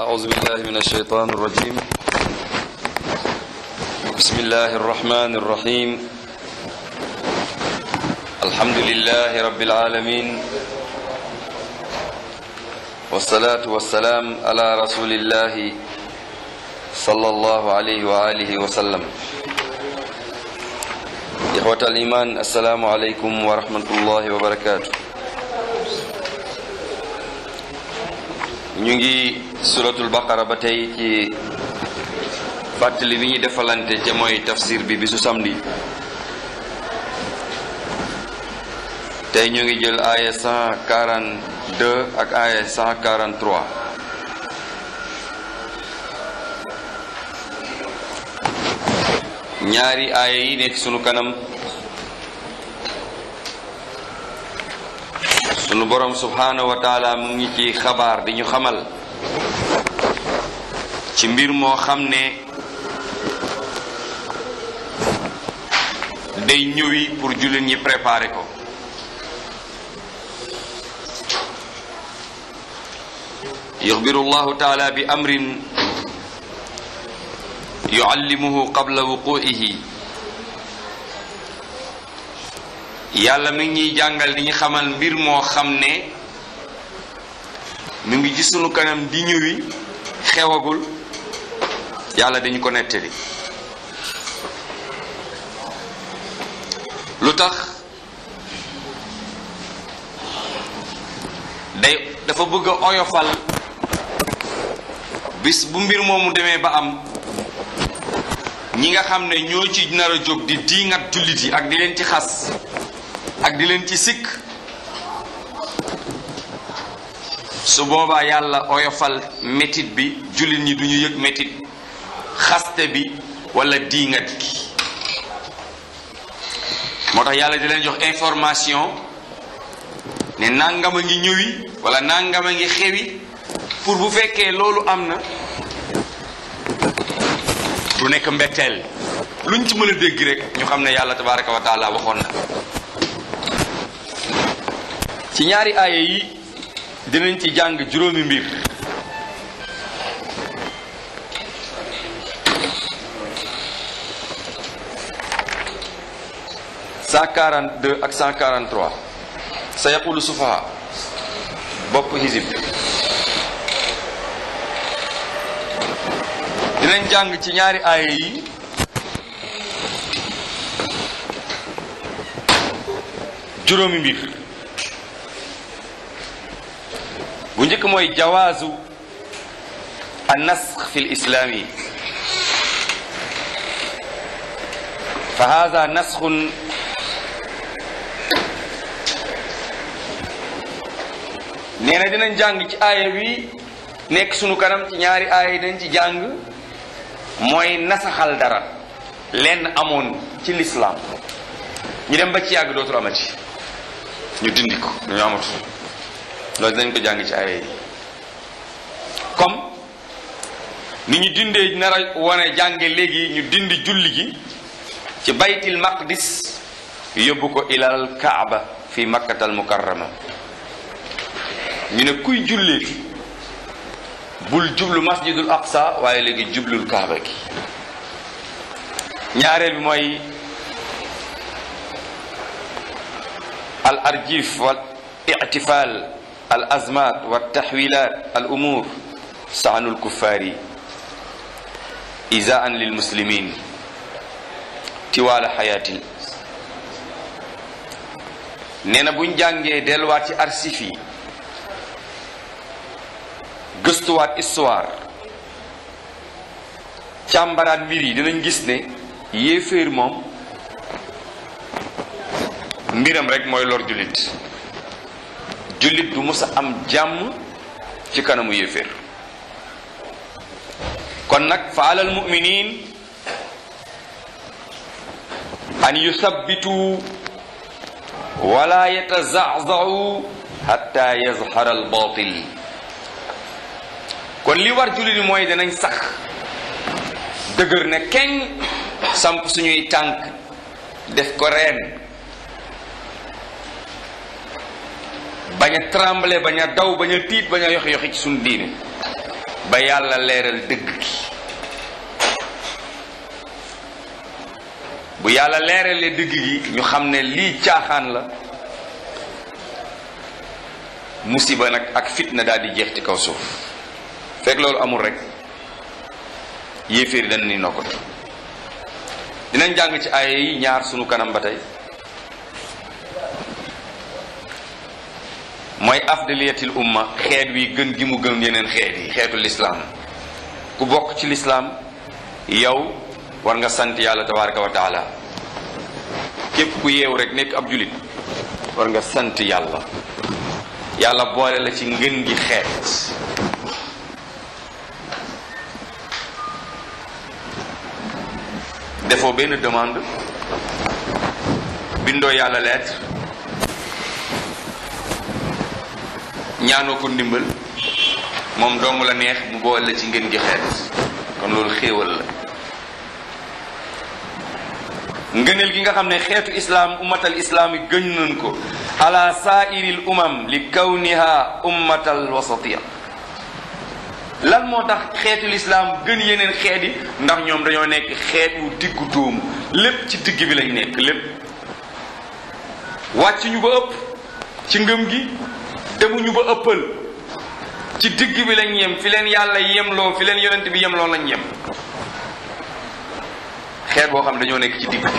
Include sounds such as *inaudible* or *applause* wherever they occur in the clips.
أعوذ بالله من الشيطان الرجيم بسم الله الرحمن الرحيم الحمد لله رب العالمين والصلاة والسلام على رسول الله صلى الله عليه وآله وسلم إخوة الإيمان السلام عليكم ورحمة الله وبركاته ñu ngi suratul baqara ba tey ci fàttali bi ñuy defalante ca mooy tafsir bi bisu samedi tey ñu ngi jël aaya 142 ak aaya 143 ñaari aaya yi nekk sunu kanam sunu boroom subhanahu mu ngi ci xabaar di ñu xamal ci mbir moo xam ne day ñëwi pour jullit ñi préparé ko yuxbiru llahu taala bi amrin yuallimuhu qabla wuquihi yàlla mi ngi jàngal di ñu xamal mbir moo xam ne mu ngi ci sunu kanam di ñëwi xewagul yàlla dañu ko nettali lu tax day dafa bëgg a oyofal bis bu mbir moomu demee ba am ñi nga xam ne ñoo ci nar a jóg di diingat jullit yi ak di leen ci xas ak di leen ci sikk su boobaa yàlla oyofal metit bi jullit ñi du ñu yëg metit xaste bi wala diingat gi moo tax yàlla di leen jox information ne nangam a ngi ñëwi wala nangam a ngi xewi pour bu fekkee loolu am na du nekk mbetteel luñ ci mën a dégg rek ñu xam ne yàlla tabaraka wa waxoon na ci ñaari aaya yi dinañ ci jàng juróomi mbir cent quarante deux ak cent quarante sa yaqulu sufaha bopp hizib dinañ jàng ci ñaari aaya yi juróomi mbir bu njëkk mooy jawaazu an nasx fi lislaam yi fa hada nasxun nee dinañ jàng ci aaya wi nekk sunu kanam ci ñaari aaya yi dañ ci jàng mooy nasaxal dara lenn amoon ci lislaam ñu dem ba ci yàgg dootul amati ñu dindi ko duñu amatu loolu dañ ko jàng ci aaya yi comme ni ñu dindee nar a wane jànge léegi ñu dind julli gi ci baytil maqdis yóbbu ko ilal kaaba fi makkatal mukarrama ñu ne kuy julleeti bul jublu masjidul aqsa waaye léegi jublul kaaba gi ñaareel bi mooy al arjif wal ictifal al azmat wa tahwilat al umur saanul kuffaari izaan lil muslimin tiwaala xayaati nee na buñ jàngee delluwaat ci arsif yi gëstuwaat histoire càmbaraat mbir yi dinañ gis ne yéeféer moom mbiram rek mooy lor jullit du mës am jàmm ci kanamu yéeféer kon nag fa alal muminin an yusabbitu wala yatazazawu hatta yazhara al kon li war jullit yi mooy danañ sax dëgër na keng samp suñuy tànk def ko reen bañ a trembler bañ daw bañ a tiit bañ a yoxi yoxi ci suñu diine ba yàlla leeral dëgg gi bu yàlla leeralee dëgg gi ñu xam ne lii caaxaan la musiba nag ak fitna daal di jeex ci kaw suuf fekk loolu amul rekk yéeféer yi dana ni nokkatu dinañ jàng ci aaya yi ñaar sunu kanam ba tey mooy afdaliyatil umma xeet wi gën gi mu gën yeneen xeet yi xeetu lislaam ku bokk ci lislaam yow war nga sant yàlla tabaraka wa taala képp ku yeew rek nekk ab julit war nga sant yàlla yàlla boole la ci ngën gi xeet defoo benn demande bindoo yàlla lettre ñaanoo ko ndimbal moom dong la neex mu boole la ci ngeen gi xeet kon loolu xéewal la ngëneel gi nga xam ne xeetu islaam ummatal islaam yi nañ ko ala saairil umam li kawniha ummatal wasatiya lan moo tax xeetu lislaam gën yeneen xeeti ndax ñoom dañoo nekk xeetu diggu dóomu lépp ci digg bi lañ nekk lépp wàcc ñu ba ëpp ci ngëm gi demuñu ba ëppal ci digg bi lañ yem fi leen yàlla yem loo fi leen yonent bi yemloo lañ yem xeet boo xam ne dañoo nekk ci digg bi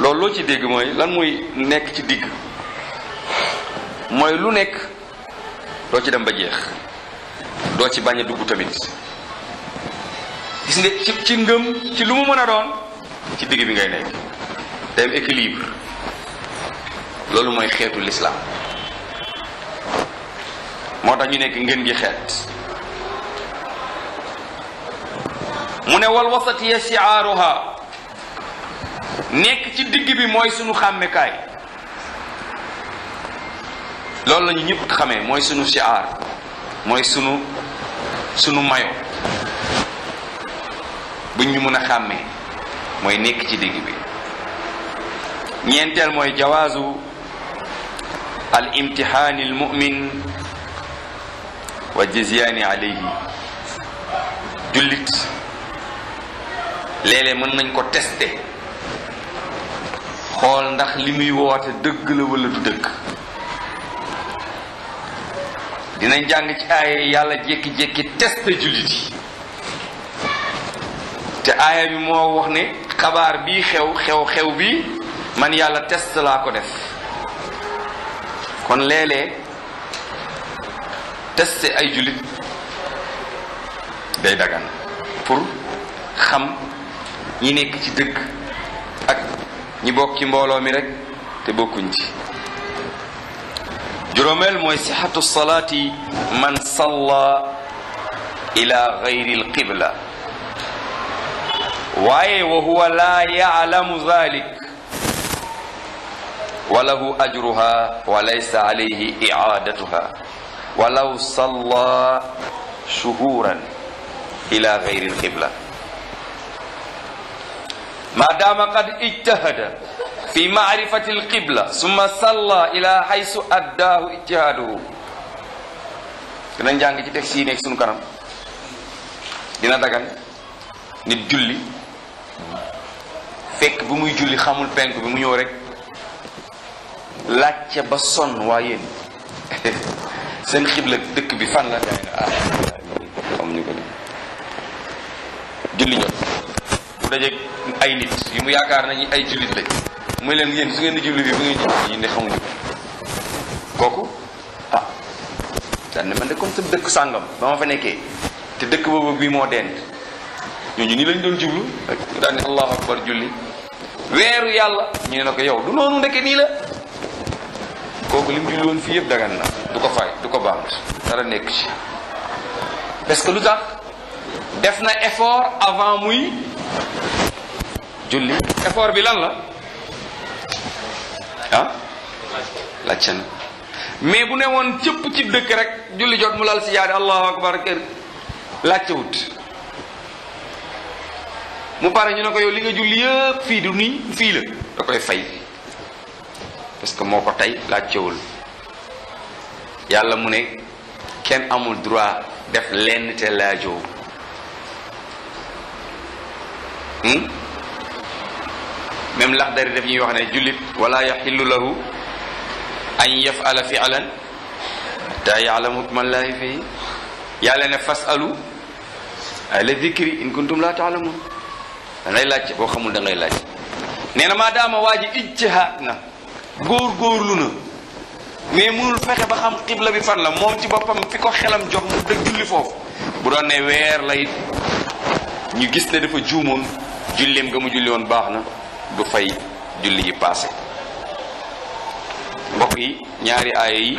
loo ci dégg mooy lan mooy nekk ci digg mooy lu nekk doo ci dem ba jeex doo ci bañ a dugg tamit gis nga ci ci ngëm ci lu mu mën a doon ci digg bi ngay nekk dem équilibre loolu mooy xeetu lislaam moo tax ñu nekk ngën gi xeet mu ne wal wasatiya shiaaruha nekk ci digg bi mooy sunu xàmmekaay loolu la ñu ñëpp mooy sunu shiaar mooy sunu sunu mayo buñ ñu mën a xàmmee mooy nekk ci digg bi ñeenteel mooy jawaazu al imtihaani al mu'min wa jizyaani alayhi jullit léeg-léeg mën nañ ko teste xool ndax li muy woote dëgg la wala du dëgg dinañ jàng ci aaya yàlla jékki-jékki test jullit yi te aaya bi moo wax ne xabaar bii xew xew xew bi man yàlla test laa ko def kon léeg-léeg teste ay jullit day dagan pour xam ñi nekk ci dëgg ak ñi bokk ci mbooloo mi rek te bokkuñ ci juróomeel mooy sixatu salaati man salla ila gayri alqibla waaye wa huwa laa yaalamu dalik wa lahu ajruha wa laysa alayhi i'aadatuha walaw salla shuhuran ila gayri lqibla ma dama qad ijtahada fi maarifati alqibla summa salla ila haysu addaahu ijtihaaduhu dinañ jàng ci texte yi nekk sunu kanam dina dagan nit julli fekk bu muy julli xamul penk bi mu ñëw rek laaj ca ba sonn waa yéen seen xibla dëkk bi fan la gaay na ah xamuñu ko julli jot bu dajeeg ay nit yu mu yaakaar nañu ay jullit lañ muy leen yéen su ngeen di julli bi bu ngeen xamuñu kooku ah daan ne man sa dëkk sàngam ba ma fa nekkee te dëkk boobu bii moo dend ñooñu nii lañ doon jublu daan ne allahu akbar julli weeru yàlla ñu ne ko yow du noonu ndeke nii la kooku li mu fii yëpp dagan na du ko fay du ko baam dara nekk ci parce que lu tax def na effort avant muy julli effort bi lan la ah laajte na mais bu ne woon cëpp ci dëkk rek julli jot mu lal si jaari allahu akbar kër laajte wut mu pare ñu ne ko yow li nga julli yëpp fii du nii fii la da koy fay parce que moo ko tey laajtewul yàlla mu ne kenn amul droit def leen te laajoo lax hmm? Laxdari daf ñuy wax ne jullit wala yaxillu lahu an yafala filan ta yaalamu hukma llahi fii yàlla ne fasalu ahla dikri in kuntum la taalamun da ngay laaj boo xamul da ngay laaj nee maa daama waa ji na góor góorlu na mais mënul fexe ba xam xibla bi fan la moom ci boppam fi ko xelam jox mu dëgg julli foofu bu doon ne weer la ñu gis ne dafa juumoon julleem nga mu julli woon baax na du fay julli yi paase mbokk yi ñaari aaya yi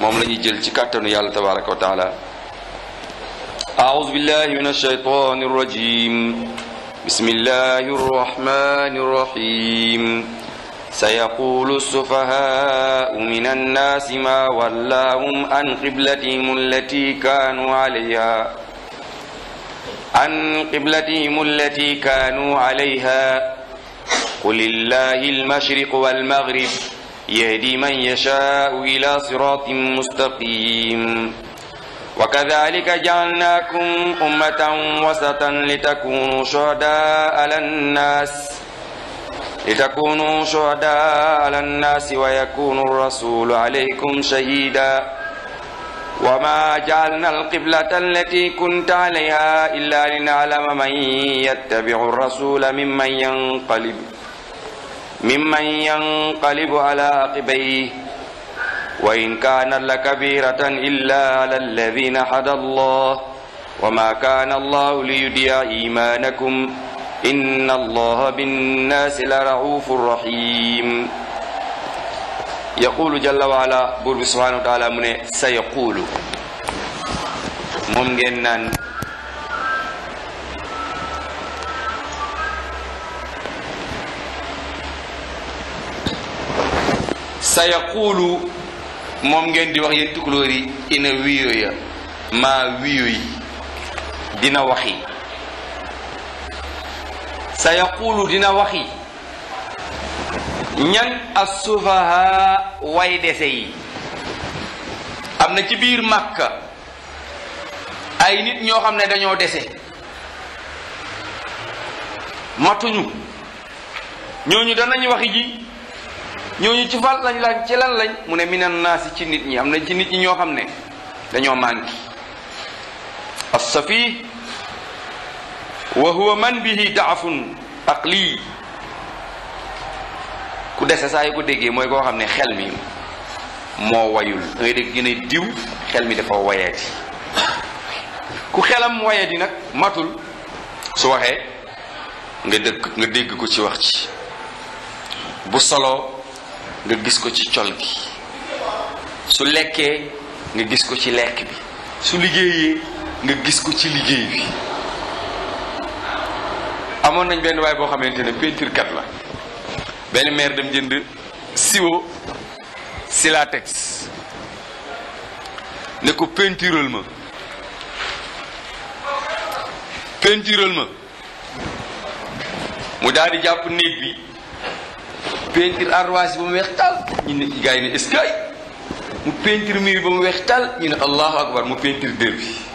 moom lañuy jël ci kàttanu yàlla tabaraka wa taala أعوذ بالله من الشيطان الرجيم بسم الله الرحمن الرحيم سيقول السفهاء من الناس ما ولاهم عن قبلتهم التي كانوا عليها عن قبلتهم التي كانوا عليها قل الله المشرق والمغرب يهدي من يشاء إلى صراط مستقيم وكذلك جعلناكم أمة وسطا لتكونوا شهداء على الناس لتكونوا شهداء على الناس ويكون الرسول عليكم شهيدا وما جعلنا القبلة التي كنت عليها إلا لنعلم من يتبع الرسول ممن ينقلب ممن ينقلب على عقبيه وإن كانت لكبيرة إلا على الذين هدى الله وما كان الله ليضيع إيمانكم إن الله بالناس لرؤوف رحيم يقول جل وعلا بور سبحانه وتعالى mu ne سيقول moom ngeen naan sayaqulu moom ngeen di wax yéen tukulóor yi ina wiyo ya maa wiyo yi dina waxi sa yaqulu dina waxi ñan assufaha way dese yi am na ci biir màkka ay nit ñoo xam ne dañoo dese matuñu ñooñu danañ waxi ji ñooñu ci fal lañ lañ ci lan lañ mu ne minan naasi ci nit ñi am na ci nit ñi ñoo xam ne dañoo manki as-safi wa man man bihi daafun lii ku dese saa yu ko déggee mooy koo xam ne xel mi moo wayul da ngay dégg ñu diw xel mi dafa wayeeti ku xelam wayeeti nag matul su waxee nga dëkk nga dégg ko ci wax ci bu solo nga gis ko ci col gi su lekkee nga gis ko ci lekk bi su liggéeyee nga gis ko ci liggéey bi amoon nañ benn waay boo xamante ne peinture kat la benn maire dem jënd siwo silatex ne ko peintural ma peintural ma mu daal jàpp néeg bi peinture ardoise ba mu weex tal ñu ne gars yi ne mu peinture miir ba mu weex tal ñu ne allahu akbar mu peinture dër bi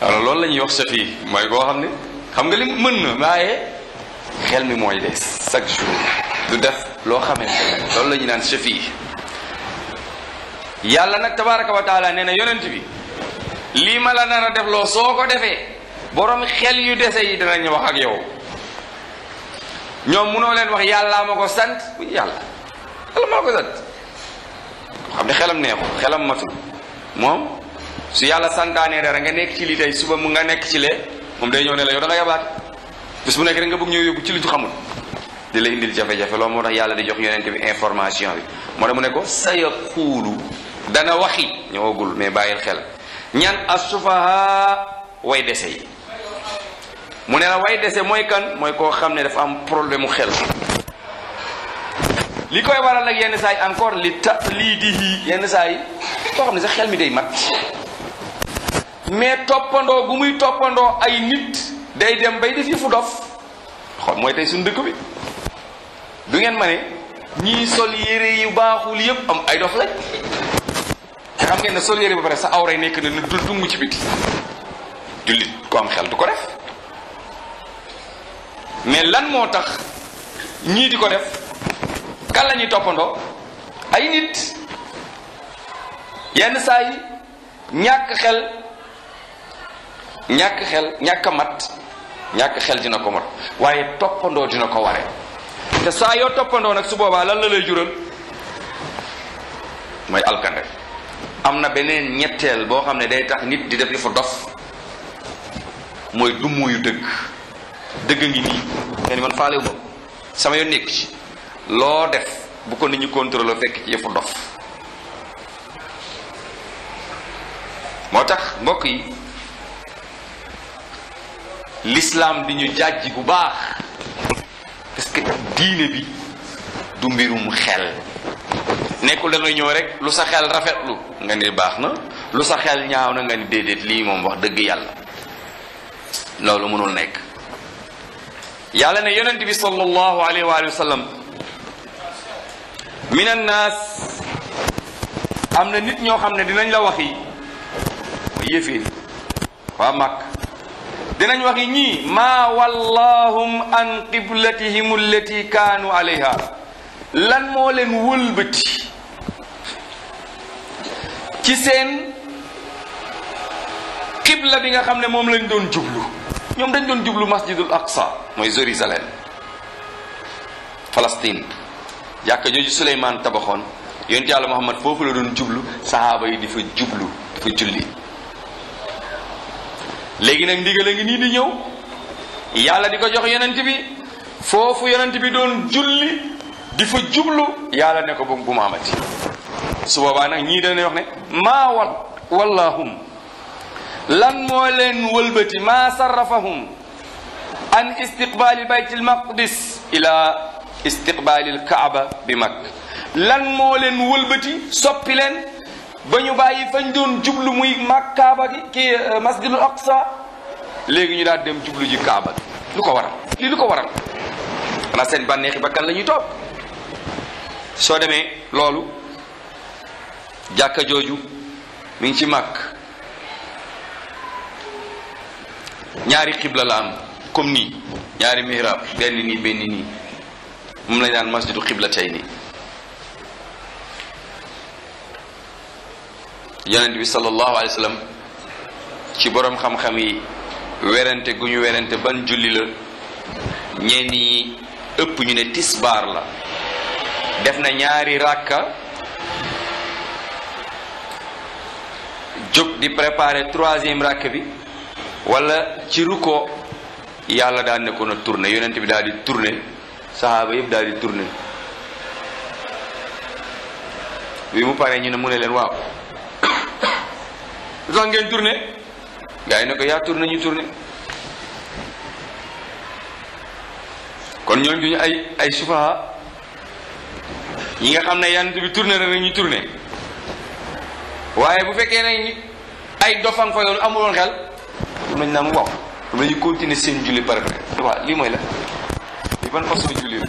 alors loolu lañuy ñuy wax chef mooy koo xam ne xam nga li mën na waaye xel mi mooy des chaque jour du def loo xamante ne loolu la naan chef yàlla nag tabaraka wa nee na yonent bi lii ma la nar a def loo soo ko defee borom xel yu dese yi danañ wax ak yow ñoom munoo leen wax yàllaa ma ko sant bu yàlla yàlla maa ko sant xam ne xelam neexu xelam matu moom su yàlla santaanee dara nga nekk ci lii tey suba mu nga nekk ci le moom day ñëw ne la yow da nga yabaate bis bu nekk rek nga bëgg ñëw yóbbu ci lu xamul di la indil jafe-jafe loolu moo tax yàlla di jox yonent bi information bi moo tax mu ne ko sayaquulu dana waxi ñëwagul mais bàyyil xel ñan asufaha way dese yi mu ne la way dese mooy kan mooy koo xam ne dafa am problème mu xel li koy waral nag yenn saa yi encore li ta lii di yenn saa yi koo xam ne sax xel mi day mat mais toppandoo bu muy toppandoo ay nit day dem bay def yëfu dof xool mooy tey suñu dëkk bi du ngeen ma ne ñii sol yére yu baaxul yëpp am ay dof lañ te xam ngeen ne sol yére ba pare sa awray nekk na lu dul dung ci biti jullit ko am xel du ko def mais lan moo tax ñii di ko def kan la ñuy toppandoo ay nit yenn saa yi ñàkk xel ñàkk xel ñàkk mat ñàkk xel dina ko mat waaye toppandoo dina ko ware te saa yoo toppandoo nag su boobaa lan la lay jural mooy alkande am na beneen ñetteel boo xam ne day tax nit di def yëfu dof mooy dumuyu dëgg dëgg ngi nii sama yoon loo def bu ko nit ñi contrôler fekk ci dof moo tax mbokk yi lislaam di ñu jàjj bu baax parce que diine bi du mbirum xel nekkul da ñëw rek lu sa xel rafetlu nga ni baax na lu sa xel ñaaw na nga ni déedéet lii moom wax dëgg yàlla loolu mënul nekk yàlla ne yonent bi sallallahu alayhi wa sallam min annaas am na nit ñoo xam ne dinañ la wax yi ma yéeféeri waa màkk dinañu wax ñii ma wallahum an qiblatihim kaanu alayha lan moo leen wëlbati ci seen qibla bi nga xam ne moom lañ doon jublu ñoom dañ doon jublu masjidul aqsa mooy Jérusalem Palestine jàkk jooju Suleymaan tabaxoon yonent yàlla Muhammad foofu la doon jublu sahaaba yi di fa jublu di fa julli léegi nag ndigal a nii di ñëw yàlla di ko jox yonent bi foofu yonent bi doon julli di fa jublu yàlla ne ko bu bu mu amati su boobaa nag ñii dañuy ne maa wa wallahum lan moo leen wëlbati maa sarrafahum an istiqbaali bayt al maqdis ila istiqbaali al bi mag lan moo leen wëlbati soppi leen ba ñu bàyyi fañ doon jublu muy mag kaaba gi kii eh, masjidul aqsa léegi ñu daal dem jublu ji kaaba gi lu ko waral lii lu ko waral xanaa seen bànneexi bakkan la ñuy toog soo demee loolu jàkka jooju mi ngi ci màkk ñaari xibla la am comme nii ñaari mihrab benn nii benn nii moom lañ naan masjidu xibla tey nii yonent bi sallallahu alayhi wa ci boroom xam-xam yi werante gu ñu werante ban julli la ñenn ñi ëpp ñu ne tisbaar la def na ñaari ràkka jóg di préparer troisième ràkk bi wala ci ruko yàlla daan nekkoon ko na yonent bi daal di tourné saxaaba yëpp daal di tourné bi mu paree ñu ne mu ne leen waaw lu tax ngeen tourné gars ne ko yaa tourné ñu tourné kon ñooñu duñu ay ay sufaha ñi nga xam ne yant bi tourné na rek ñu tourné waaye bu fekkee ne ay dofan fa yoonu amuloon xel am nañ naa mu waaw am continuer seen julli par après lii mooy la lii ban façon julli la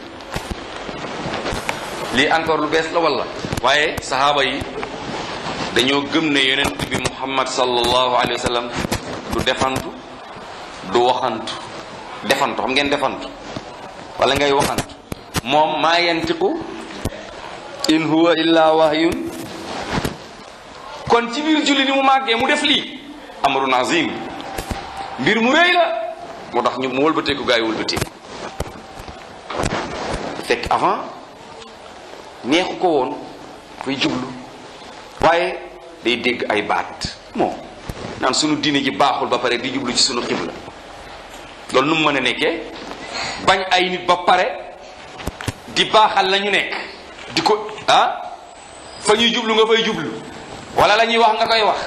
lii encore lu bees la walla waaye saxaaba yi dañoo gëm ne yonent bi muhammad sallallahu alayhi wa sallam du defantu du waxantu defantu xam ngeen defantu walla ngay waxantu moom maa yantiqu in huwa illa wahyun kon ci biir julli ni mu màggee mu def lii amrun azim mbir mu rëy la moo tax ñu mu wëlbateeku gaa yi wëlbateeku fekk avant neexu ko woon koy jublu waaye day dégg ay baat moom naan sunu diine ji baaxul ba pare di jublu ci sunu xibla loolu nu mu mën a nekkee bañ ay nit ba pare di baaxal lañu ñu nekk di ko ah? fa ñuy jublu nga fay jublu wala la ñuy wax nga koy wax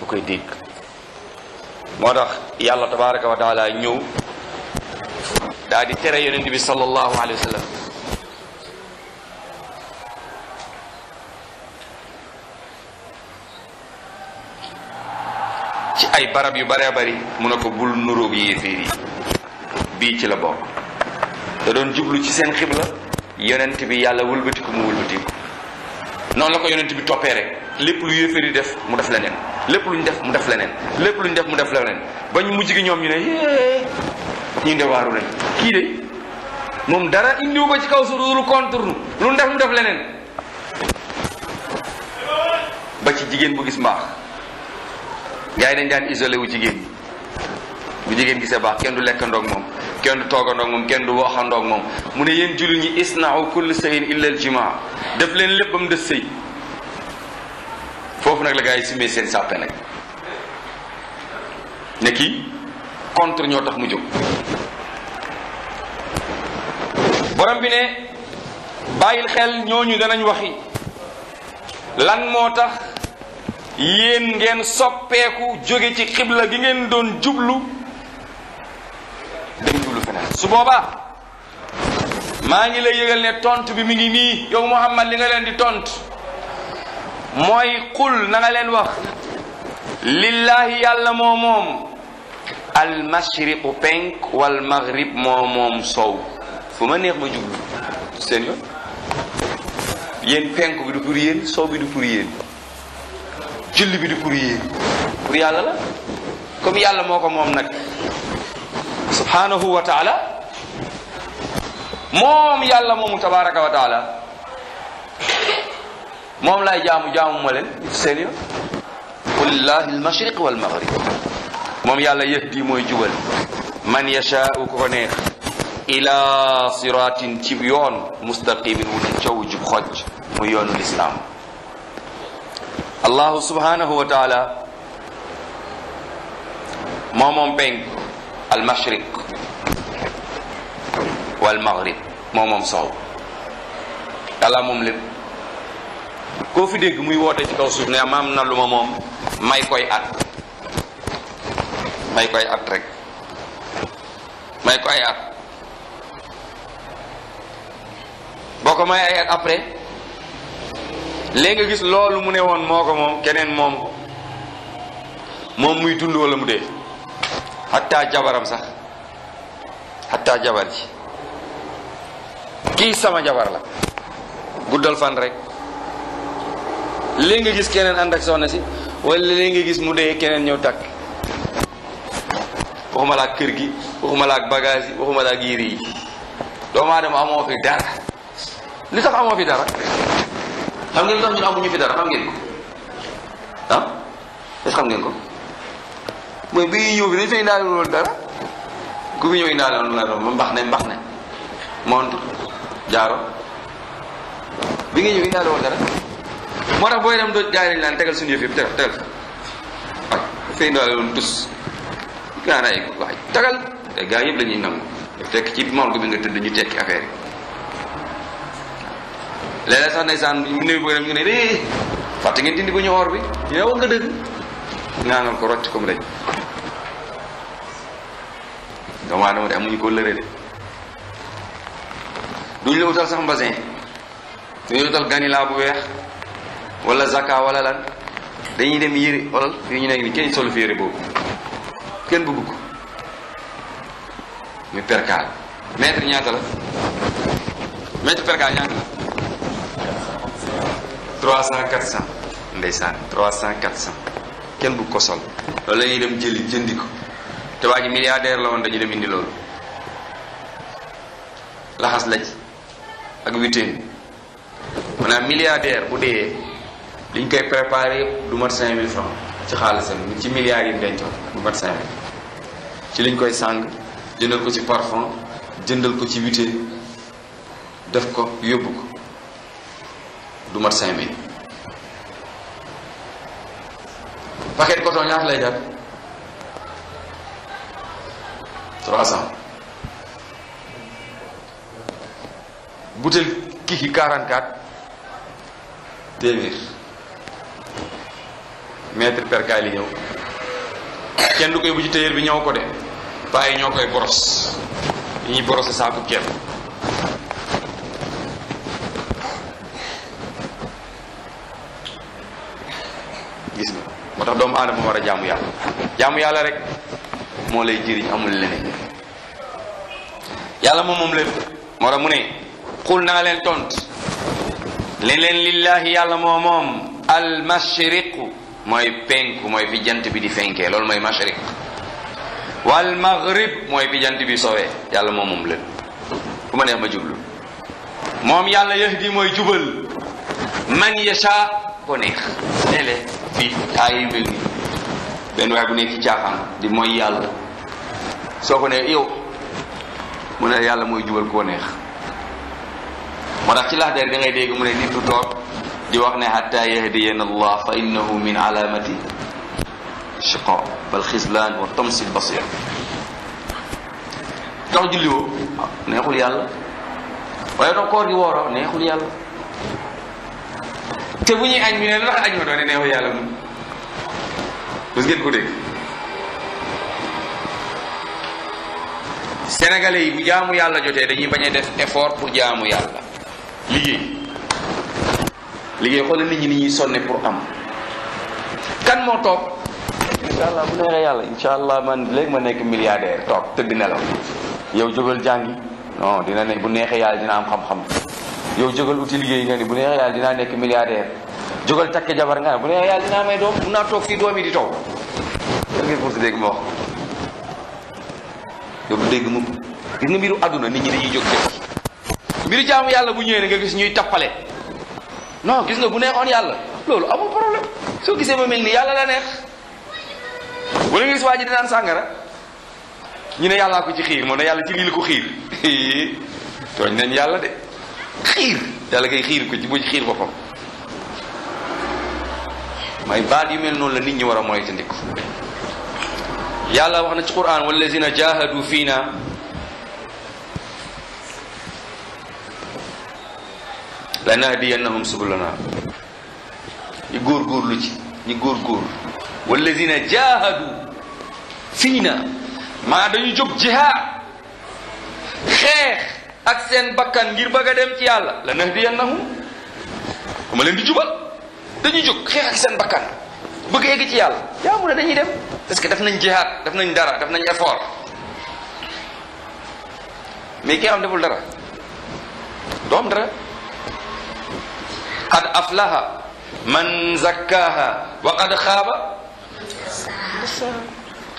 lu koy dégg moo tax yàlla tabaraka wa taala ñëw daal di tere yonent bi sallallahu alayhi wa sallam ci ay barab yu baree bari mu ne ko bul nuróog yéeféer bii ci la bokk da doon jublu ci seen xibla yonent bi yàlla wëlbatiku mu wëlbatiku noonu la ko yonent bi toppee rek lépp lu yéeféer def mu def leneen lépp lu ñu def mu def leneen lépp lu def mu def leneen ba ñu mujj gi ñoom ñu ne yée ñu ndewaaru kii de moom dara indiwu ba ci kaw su dul def mu def leneen ba ci jigéen bu gis mbaax gaa yi dañ daan isolé wu jigéen ñi bu jigéen gisee baax kenn du lekk lekkandoog moom kenn du toogandoog moom kenn du waxandoog moom mu ne yéen jullit ñi isna'u kulli sayin illa al jimaa def leen lépp ba mu des sëy foofu nag la gars yi simee seen sàppe nag ne kii contre ñoo tax mu jóg borom bi ne bàyyil xel ñooñu danañ waxi lan moo tax yéen ngeen soppeeku jóge ci xibla gi ngeen doon jublu dem jublu feneen su boobaa maa ngi lay yëgal ne tontu bi mi ngi nii yow Muhammad li nga leen di tontu mooy qul na leen wax lillahi yàlla moo moom al mashriqu penk wal maghrib moo moom sow fu ma neex ma jublu seen yoon yéen penk bi du pour yéen sow bi du pour yéen julli bi du pour yéen pour yàlla la comme yàlla moo ko moom nag subhanahu wa taala moom yàlla moomu tabaraka wa taala moom laay jaamu jaamu ma leen seen yo walillahi almashriq walmaghrib moom yàlla yahdi mooy jubal man yashaau ko ko neex ila siratin ci yoon mustaqimin wu ne caw jub xoj muy yoonu lislaam అల్లాహు సుబానహు వటాల మోమోం పెంగ్ అల్ మష్రిక్ wal maghrib moom moom soow yàlla moom lépp koo fi dégg muy woote ci kaw suuf ne maam na lu ma moom may koy at may koy at rek may koy at boo ko may ay at après léegi nga gis loolu mu ne woon moo ko moom keneen moom moom muy dund wala mu dee xatta jabaram sax xatta jabar ji kii sama jabar la guddal fan rek léegi nga gis keneen ànd ak si wala léegi nga gis mu dee keneen ñëw takk waxuma la kër gi waxuma la ak bagage yi waxuma la yi doomu aadama amoo fi dara li tax amoo fi dara xam ngeen tax ñun amuñu fi dara xam ngeen ko ah xam ngeen ko mooy bi ñëw bi dañ fay indaale woon dara ku fi ñëw indaale mbax ne mbax ne montre bi nga ñëw indaale woon moo tax booy dem doo jaay lañ naan tegal suñu yëf yëpp tegal tegal waaye fay indaale woon tus gaanaay waay tegal te gaa yëpp la ñuy nangu fekk ci morgue bi nga tëdd ñu tekki affaire yi léeg-léeg sax ndeysaan bu néew bëgg ñu ne eh fàtte ngeen dindi bu ñu or bi yow nga dëgg ñaanal ko rocc comme rek doomu aadama de amuñu ko lëre de duñ la utal sax mbasin duñ la utal ganilaa bu weex wala zaka wala lan dañuy dem yére olal yu ñu nekk ni kenn solu yére boobu kenn bëgg ko muy perkaal mètre ñaata la mètre perkaal ñaata la 300 400 cent 300 400 kenn bu ko sol loolu la ñuy dem jëli jëndi ko te waa ji milliardaire la woon dañu dem indi loolu laxas la ci ak witeen maanaam milliardaire bu dee li ñu koy préparé du mat 5000 francs ci xaalisam ci milliards yi dencoon du mat 5000 ci liñ koy sàng jëndal ko ci parfum jëndal ko ci witeen def ko yóbbu ko. du mat 5000 paquet coton ñaata lay jar 300 butel kiki 44 téeméer mètre per kaay li ñëw kenn du koy bu ci téyeer bi ñëw ko de paa ñoo koy boros yi ñuy borosé saaku ceeb tax doomu aadama a jaamu yàlla jaamu yàlla rek moo yàlla moom moom lépp moo tax mu ne naa leen tont li yàlla moom al mashriqu mooy penku mooy fi bi di fenkee loolu mooy mashriq wal mooy fi bi sowee yàlla moom moom lépp fu ma neex ma jublu moom yàlla yahdi mooy jubal man yasha ko neex léeg fii taayi mel mi benn waaye bu nekk caaxaan di mooy yàlla soo ko nee yow yàlla mooy jubal koo neex moo ci laxdeer da ngay dégg mu ne nit du toog di wax ne xatta yahdiyan allah fa innahu min alaamati shiqa bal xislaan wa tamsil basir tax julliwoo ah, neexul yàlla waaye tax koor gi wooroo neexul yàlla te bu ñuy añ ñu ne ndax añ ma doone neexu yàlla moom parce que ko dégg sénégalais yi bu jaamu yàlla jotee dañuy bañ a def effort pour jaamu yàlla liggéey liggéey xoolal nit ñi ni ñuy sonne pour am kan moo toog incha allah bu neexee yàlla incha allah man léegi ma nekk milliardaire toog tëdd nelaw yow jógal jàngi non dina ne bu neexee yàlla dina am xam-xam yow jógal uti liggéey nga ni bu neex yàlla dinaa nekk milliardaire jógal takk jabar nga ne bu neex yàlla dinaa may doom mun naa toog fii doom yi di taw da ngeen mos a dégg ma wax yow yàlla bu ñëwee nga gis ñuy tappale non gis nga bu neexoon gisee ma mel ni yàlla ñu ne yàllaa ko yàlla ci lii la ko *laughs* yàlla de xiir yàlla kay xiir ko ci bu xiir boppam may baat yu mel noonu la nit ñi war a moytandiku yàlla wax na ci quran wallazina jahadu fiina lanahdiyannahum subulana ñu góor góor lu ci ñu góor góor wallazina jahadu fiina maa dañu jóg jihaad xeex ak seen bakkan ngir bëgg a dem ci yàlla la nahdiyannahum dama leen di jubal dañuy jóg xeex ak seen bakkan bëgg egg ci yàlla yaa mu ne dañuy dem parce que daf nañ jihaad def nañ dara def nañ effort mais ki xam deful dara doo xam dara qad aflaha man zakkaha wa qad xaaba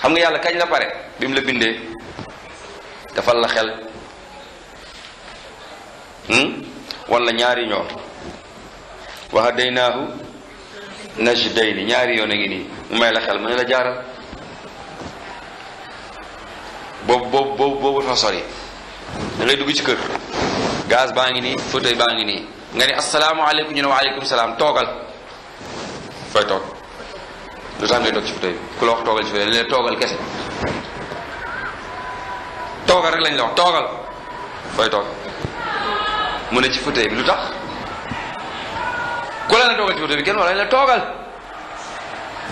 xam nga yàlla kañ la pare bi la bindee dafal la xel Hmm? wala ñaari ñoom wa hadaynaahu najdayni ñaari yoon a ngi nii mu may la xel mu ne la jaaral boobu boobu boobu boobu dafa sori dugg ci kër gaz baa ngi nii fauteuil baa ngi nii nga ne asalaamaaleykum ñu ne waaleykum salaam toogal fooy toog lu tax ngay toog ci fauteuil ku la wax toogal ci fauteuil leen toogal kese toogal rek lañ la wax toogal fooy toog mu ne ci fauteuil bi lu tax ku la na toogal ci fauteuil bi kenn wala la toogal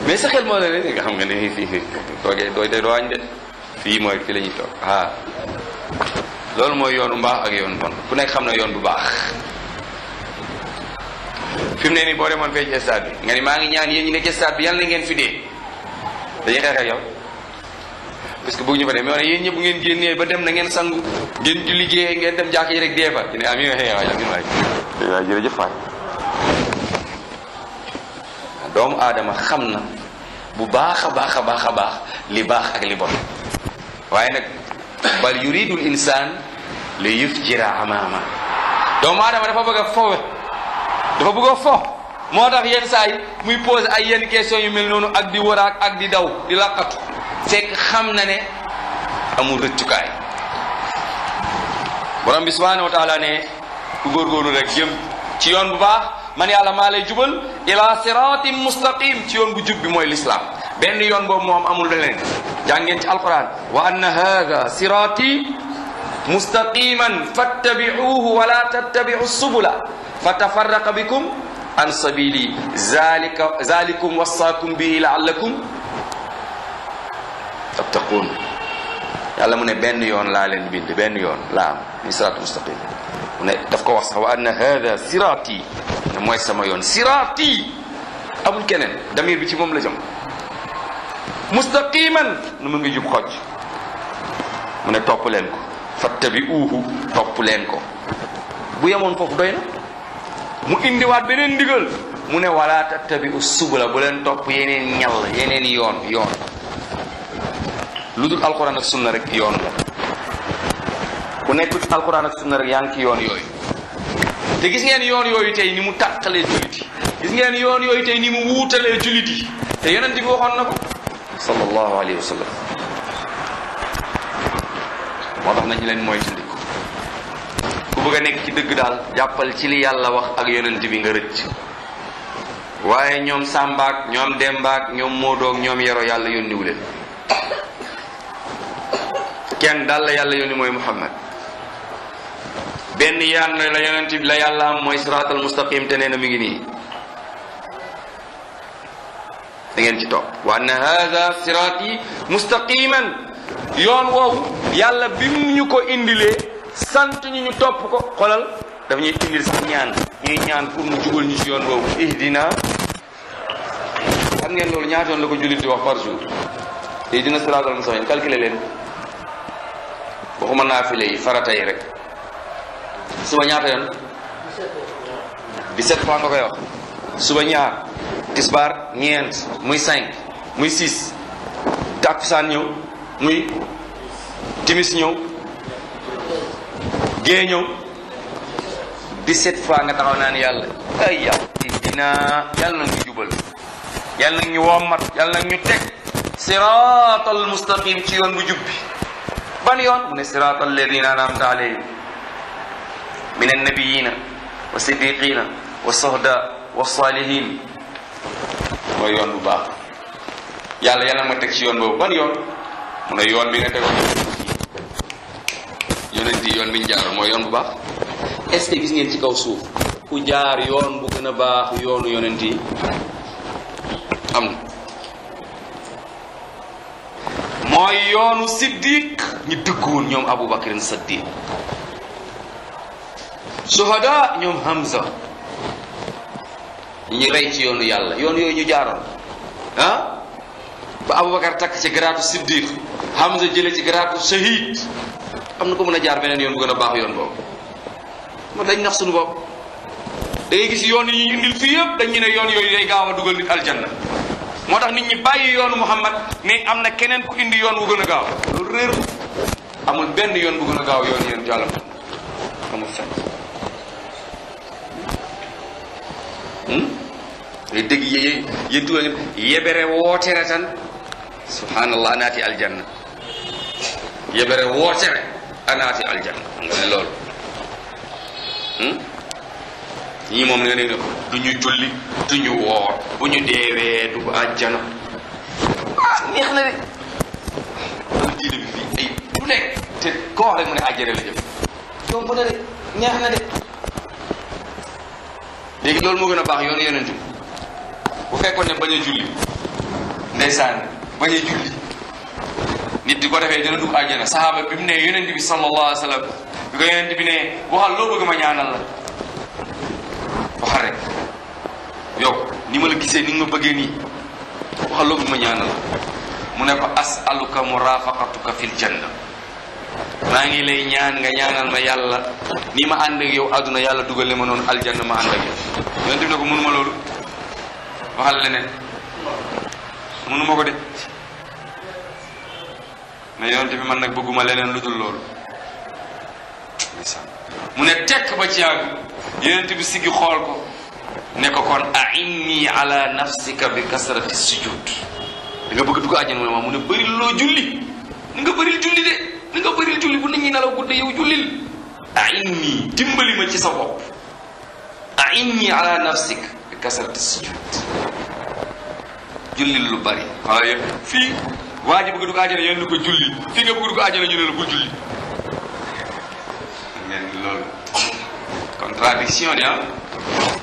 mais sa xel moo la ne nga xam nga ne fii toogee dooy de fii mooy fi la ñuy ah. loolu mooy yoonu mbaax ak yoonu bon ku nekk xam na yoon bu baax fi mu ne nii boo demoon fee ci stade bi nga ni maa ngi ñaan yéen ñi nekk stade bi yàlla na ngeen fi dee dañuy xeex ak yow parce que bëgg ñu fa dem yoone yéen ñëpp ngeen génnee ba dem na ngeen sangu ngeen di liggéey ngeen dem jàkk rek dee fa doomu aadama xam na bu baax a baax a baax li baax ak li bon waaye nag bal yuridul insaan li yufjira amaama doomu aadama dafa bëgg a dafa bëgg a fo moo tax yenn saa muy pose ay yenn question yu mel noonu ak di waraak ak di daw di làqatu fekk xam na ne amul rëccukaay borom bi subhanahu wa taala ne ku góorgóorlu rek jëm ci yoon bu baax man yàlla maa lay jubal ila siratim mustaqim ci yoon bu jub bi mooy lislaam benn yoon boobu moom amul leneen jàngeen ci alquran wa anna hada sirati mustaqiman fattabiuhu wala tattabiu subula fa tafarraqa bikum an sabili zalika zalikum wasaakum bihi laallakum fattaqun yàlla mu ne benn yoon laa leen bind benn yoon laa am ni siraatu mustaqim mu daf ko wax sax wa anna hada siraati ne mooy sama yoon siraati amul keneen damir bi ci moom la jëm mustaqiman nu mu ngi jub xoj mu ne topp leen ko fattabi'uuhu topp leen ko bu yemoon foofu doy na mu indiwaat beneen ndigal mu ne wala tattabi'u subula bu leen topp yeneen ñal yeneen yoon yoon lu dul alquran ak sunna rek yoon la ku nekkul ci alquran ak sunna rek yaa ngi ci yoon yooyu te gis ngeen yoon yooyu tey ni mu tàqalee jullit yi gis ngeen yoon yooyu tey ni mu wuutalee jullit yi te yonent bi waxoon na ko sallallahu alayhi wa moo tax nañu leen mooy tundiku ku bëgg a nekk ci dëgg daal jàppal ci li yàlla wax ak yonent bi nga rëcc waaye ñoom sàmbaak ñoom dembaak ñoom moodoog ñoom yero yàlla yónniwu leen kenn daal la yàlla yónni mooy Muhammad benn yaan la yonent la yàlla am mooy siraatal mustaqim te nee na mi ngi nii da ngeen ci topp wa anna haada siraati mustaqiman yoon woowu yàlla bi mu ñu ko indilee sant ñu ñu topp ko xolal daf ñuy indil sax ñaan ñuy ñaan pour mu jubal ñu ci yoon woowu ihdina xam ngeen loolu yoon la ko jullit di wax par jour ihdina siraatal mustaqim calculer leen waxuma naafile yi farata yi rek suba ñaata ñaar tisbaar ñeent muy 5 muy 6 takkusaan ñëw muy timis ñëw gée ñëw 17 fois nga taxaw naan yàlla ay yàlla dinaa yàlla nag ñu jubal yàlla nag ñu wommat yàlla nag ñu teg siraatal mustaqim ci yoon bu jubbi ban yoon mu ne siraat alladina anamta alayhim min annabiyina wa siddiqina wa sohda wa salihin mooy yoon bu baax yàlla yàlla ma teg ci yoon boobu ban yoon mu ne yoon bi nga tegoon yonent yoon bi ñu mooy yoon bu baax est-ce gis ngeen ci kaw suuf ku jaar yoon bu gën a baax yoonu yonent am mooy yoonu siddiq ñu dëgguwoon ñoom abu aboubacarin saddiq suhada ñoom hamza ñu rey ci yoonu yàlla yoon yooyu ñu jaaroon ah ba aboubacar takk ci garaatu siddiq hamza jële ci garaatu shahid am na ko mën a jaar beneen yoon bu gën a baax yoon boobu moo dañ nax suñu bopp da ngay gis yoon yi ñu indil fii yëpp dañ ñu ne yoon yooyu day gaaw a dugal nit aljanna moo tax nit ñi bàyyi yoonu Muhammad ni am na keneen ku indi yoon bu gën a gaaw loolu réer amul benn yoon bu gën gaaw yoon yéen jàll hmm? dégg yéen yéen tuwa ngeen yebere wootere tan subhanallah anaati aljanna yebere wootere anaati aljanna nga ne loolu hmm? ñii moom nga ne du ñu julli du ñu woor bu ñu deewee du ko àjjana ah, na de ne àjjana la jëm léegi loolu moo gën a baax yoonu yeneen bi bu fekkoon ne bañ a julli ndeysaan bañ a julli nit ko defee dina dugg àjjana sahaaba bi mu ne yonent bi sallallahu alayhi wa sallam bi ko yonent bi ne waxal loo bëgg ma ñaanal la waxal rek yow ni ma la gisee ni nga ma bëggee nii waxal loo ma ñaanal mu ne ko asaluka murafaqatuka fil janna maa ngi lay ñaan nga ñaanal ma yàlla ni ma ànd ak yow àdduna yàlla dugale ma noonu aljanna ma ànd ak yow yonent bi ne ko mënuma loolu waxal leneen mënuma ko de mais yonent bi man nag bëgguma leneen lu dul loolu mu ne tek ba ci yàgg yonent bi siggi xool ko ne ko kon ainni ala nafsika bi kasrati sujud da nga dugg àjjana mu ne ma mu ne bëril loo julli ni nga bëril julli de ni nga bëril julli bu nit ñi nelaw gudde yow jullil ainni dimbali ma ci sa bopp ainni ala nafsika lu bari waaye fii waa ji bëgg dugg àjjana yéen ko julli fii nga bëgg dugg àjjana ñu ne la bu julli loolu contradiction de ah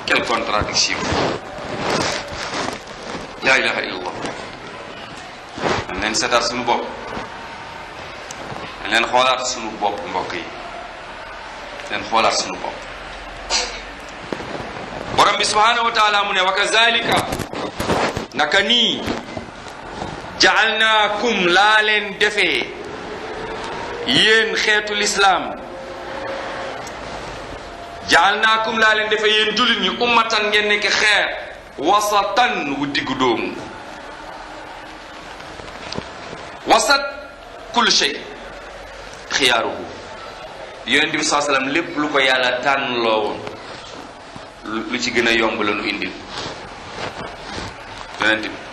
quelle contradiction laa ilaha illallah dañ leen seetaat suñu bopp dañ leen xoolaat suñu bopp mbokk yi dañ leen xoolaat suñu bopp borom bi subhanahu wa taala mu ne wa kazalika naka nii jaalnaakum laa leen defee yéen xeetu lislaam jaalnaakum laa leen dafa yéen jullit ñi ummatan ngeen nekk xeer wasatan wu diggu doomu wasat kulli shay xiyaaruhu yonent bi saa sallam lépp lu ko yàlla tànn loo woon lu ci gën a yomb la nu indil yonent bi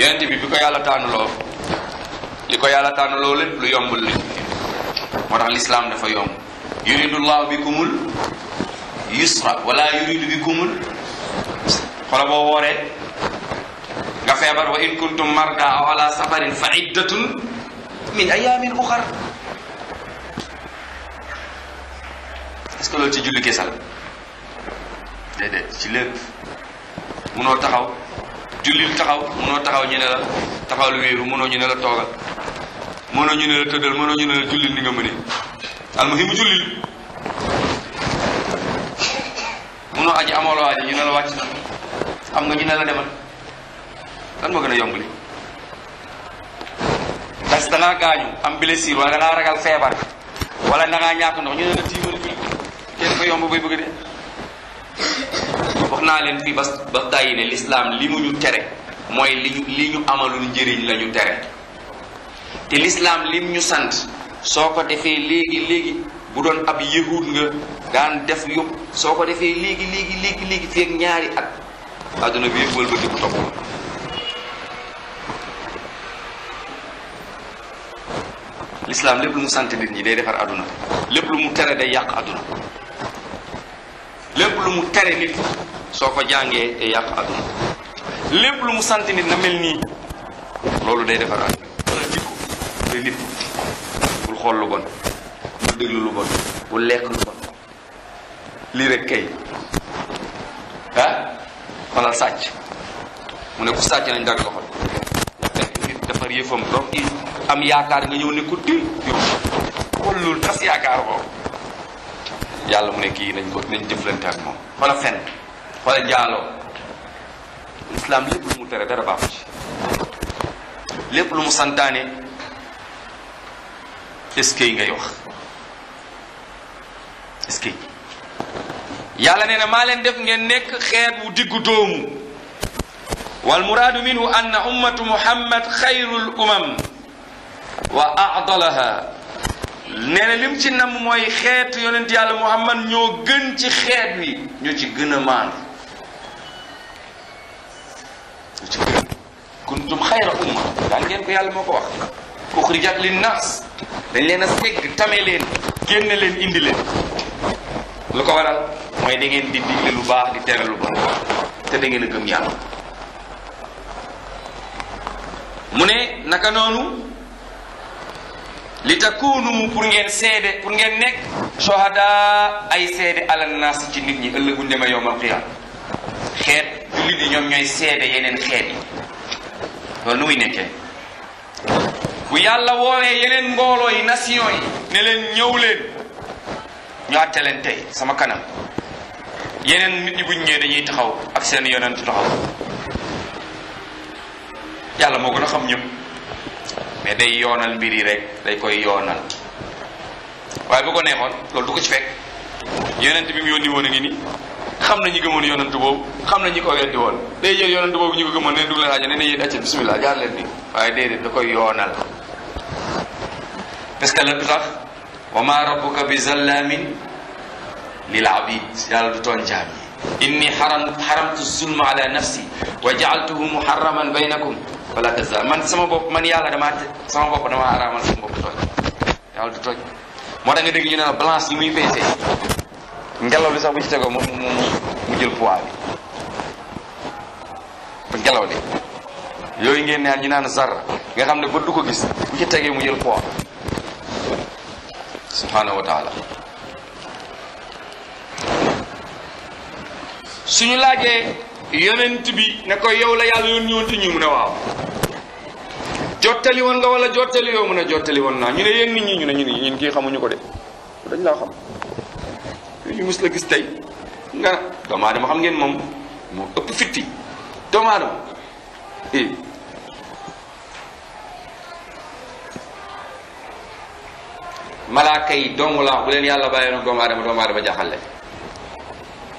yonent bi bi ko yàlla tànnuloo li ko yàlla tànnuloo lépp lu yombul la moo tax lislaam dafa yomb yuridullahu bikumul yusra wala yuridu bikumul xola boo wooree nga feebar wa in kuntum marda aw ala safarin fa iddatun min ayamin uxar est loolu ci julli kesal déedéet ci lépp munoo taxaw jullil taxaw mënoo taxaw ñu ne la taxaw lu wéeru mënoo ñu ne la toogal ñu ne la tëddal ni nga mënee almuhimu jullil mënoo aji amoo loo aji am nga ñu ne demal lan moo gën a yomb li parce que da ngaa gaañu am blessure wala da ngaa ragal feebar wala ndox ñu ne tiimal bi kenn fa yomb bay bëgg de naa leen fii ba ba tàyyi ne lislaam li tere mooy li ñu njëriñ la ñu tere te lislaam lim ñu sant soo ko defee léegi bu doon ab yahud daan def yóbbu soo ko defee léegi léegi ñaari at àdduna bi yëpp wëlbati lépp lu mu sant nit ñi day defar àdduna lépp lu mu tere day yàq àdduna lépp lu mu tere nit soo ko jàngee te àdduna lépp lu mu sant nit na mel nii loolu day defar ak wala jikko te nit bul lekk lu bon lii rek kay ah xoolal sàcc mu ne ku sàcc nañ dagg loxo fekk nit defar yëfam doom i am yaakaar nga ñëw ne ko di xool loolu tas yaakaar boobu yàlla mu ne kii nañ ko nañ jëflante ak moom xoola fenn wala njaaloo lislaam lépp lu mu tere dara baaxu ci lépp lu mu santaane ski ce ngay wax est yàlla nee na maa leen def ngeen nekk xeet wu diggu doomu wal muraadu minhu anna ummatu muhammad xayrul umam wa adalaha nee na lim ci mooy xeet yonent yàlla muhammad ñoo gën ci xeet wi ñoo ci gën a lu ci gën kuntum xayra umma daan ngeen ko yàlla moo ko wax uxrijat linnaas dañ leen a segg tame leen génne leen indi leen lu ko waral mooy da ngeen di digle lu baax di tere lu bon te da a gëm yàlla mu ne naka noonu li takunu pour ngeen seede pour ngeen nekk sohada ay seede ala naas ci nit ñi ëllëgu ndema yowmal qiyaama xeet jullit yi ñoom ñooy seede yeneen xeet yi loolu nu muy nekkee bu yàlla woowee yeneen mbooloo yi nation yi ne leen ñëw leen ñu àtte sama kanam yeneen ñëwee dañuy taxaw ak seen yonent taxaw yàlla moo gën a xam ñëpp mais day yoonal mbir yi rek day koy yoonal waaye bu ko neexoon loolu du ko ci fekk yonent bi mu yónni woon nii xam nañu gëmoon yonantu boobu xam nañu ko weddi woon day jël yonantu boobu ñu ko gëmoon ne dugg da koy yoonal parce que la du man sama bopp man yàlla ngelaw li sax bu ci tegoo mu mu mu jël ngelaw li yooyu ngeen naan ñu naan zarra nga xam ne bët du ko gis bu ci tegee mu jël poids subhanahu suñu laajee yeneen bi ne ko yow la yàlla yoon ñëwanti ñu mun a waaw jottali woon nga wala jottali yow mun a jottali woon naa ñu ne yéen nit ñi ñu ne ñu ne ñun kii xamuñu ko de dañ laa xam ñu mus la gis tey nga doomu aadama xam ngeen moom moo ëpp fitti doomu aadama eh. malaaka yi dong laa bu leen yàlla bàyyi noonu doomu aadama doomu aadama jaaxal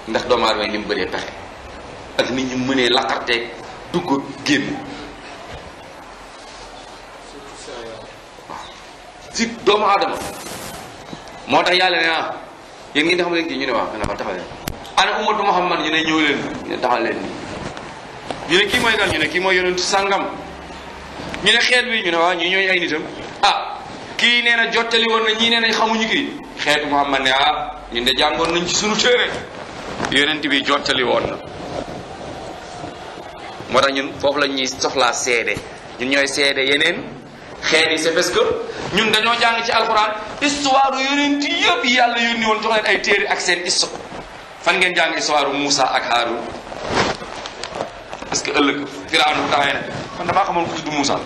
ndax doomu aadama yi ni mu bëree pexe ak nit ñu mënee laqarte dugg génn si doomu aadama moo tax yàlla ne ah yéen ngeen di xam ngeen kii ñu ne waaw nga ko taxaw leen ana ummatu muhammad ñu ne ñëw leen ñu ne taxaw leen nii ne kii mooy gan ñu ne kii mooy yonent sàngam ñu ne xeet wi ñu ne waaw ñii ñooy ay nitam ah kii nee na jottali woon na ñii nee nañ xamuñu kii xeetu muhammad ne ah ñun de jàngoon nañ ci sunu téere yonent bi jottali woon na moo tax ñun foofu la ñuy soxlaa seede ñun ñooy seede yeneen xeet yi c'est parce que ñun dañoo jàng ci alxuraan histoire yonent yëpp yàlla yónni woon jox leen ay téere ak seen histoire fan ngeen jàng histoire Moussa ak Haarun parce que ëllëg Firawna taxawee ne man xamoon ku tudd Moussa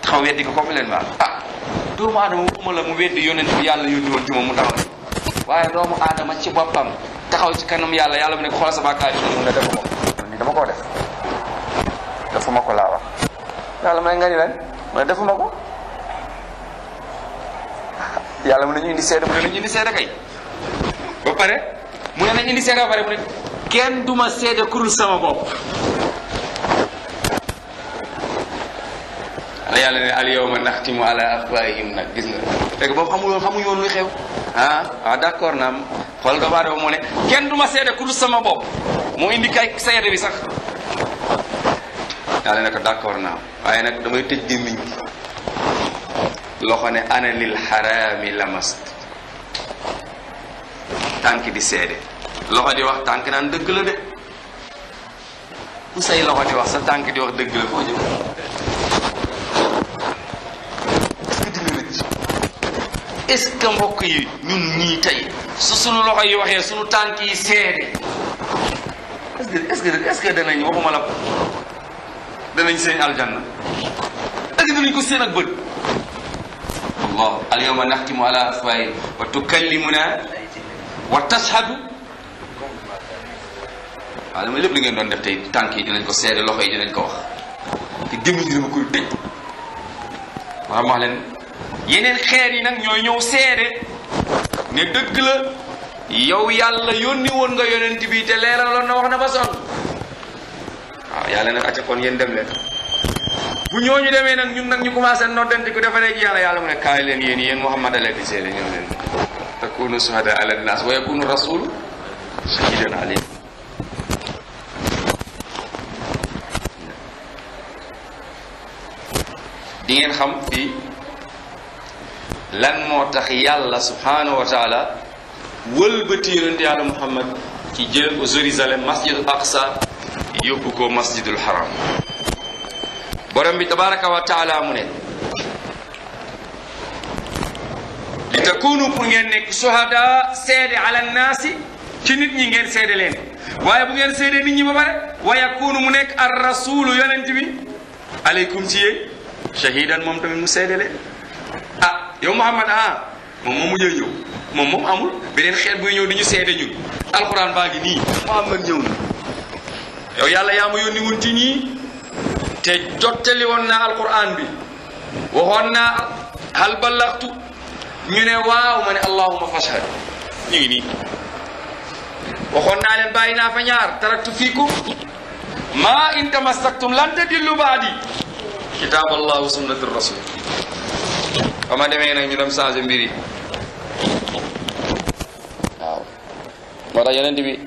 taxaw ko complètement ah doomu aadama waxuma la mu weddi yonent bi yàlla yónni woon ci moom mu doomu aadama ci boppam taxaw ci kanam yàlla yàlla mu ne ko xoolal sa bàkkaar ne defu ko dama koo def defuma ko laa wax yàlla may nga ni leen mu defuma ko yàlla mu ne ñu indi seede mu ne nañu kay ba pare mu ne nañ indi seede ba pare kenn du ma seede kurul sama bopp la yàlla ne al yawma naxtimu ala afwaahihim nag gis nga fekk boobu xamul woon xamuñu woon luy xew ah ah d'accord naam xool nga baa moo ne kenn du ma seede kurul sama bopp moo indi kay seede bi sax yàlla ne ko d'accord naam waaye nag damay tëj gémmiñ gi loxo ne ana lil xaraami lamast tànk di seede loxo di wax tànk naan dëgg la de ku say loxo di wax sa tànk di wax dëgg la foo jëm mbokk yi ñun ñii tey su suñu loxo yi waxee suñu tànk yi seede est-ce que est danañ waxuma la danañ seen aljanna danañ ko seen ak bët allah alyawma naxtimu ala afwahi wa tukallimuna wa tashhadu waaw dama lépp li ngeen doon def tey tànk yi dinañ ko seede loxo yi dinañ ko wax te gémmiñ gi dama koy tëj waaw wax leen yeneen xeer yi nag ñooy ñëw seede ne dëgg la yow yàlla yónni woon nga yonent bi te leeraloon na wax na ba sonn waaw yàlla nag acca kon yéen dem leen bu ñu demee nag ñun nag ñu commencé noddante ku defaree ci yàlla yàlla mu ne kaay leen yéen yéen Muhammad alati seede ñëw leen takunu suhada ala nnas wa yakunu rasul shahidan alayhi di ngeen xam fii lan moo tax yàlla subhanahu wa taala wëlbati yonent yàlla Muhammad ci jël Jérusalem masjidul aqsa yóbbu ko masjidul haram borom bi tabaraka wa taala mu ne li takunu pour ngeen nekk suhada seede ala naasi ci nit ñi ngeen seede leen waaye bu ngeen seede nit ñi ba pare wa yakunu mu nekk ar rasulu yonent bi aleykum ci yéen shahidan moom tamit mu seede leen ah yow Muhammad ah moom moom mu ñëw ñëw moom moom amul beneen xeet buy ñëw di ñu seede ñun nii yow yàlla yaa ma yónni woon ci ñii te jottali woon naa alquran bi waxoon naa hal ballaxtu ñu ne waaw ma ne allahuma fashhad ñu ngi nii waxoon naa leen bàyyi fa ñaar taraktu fiikum ma in tamassaktum lan tadillu baadi kitaab allah wa sunnati rasul ba ma ñu dem changé mbir waaw moo tax yeneen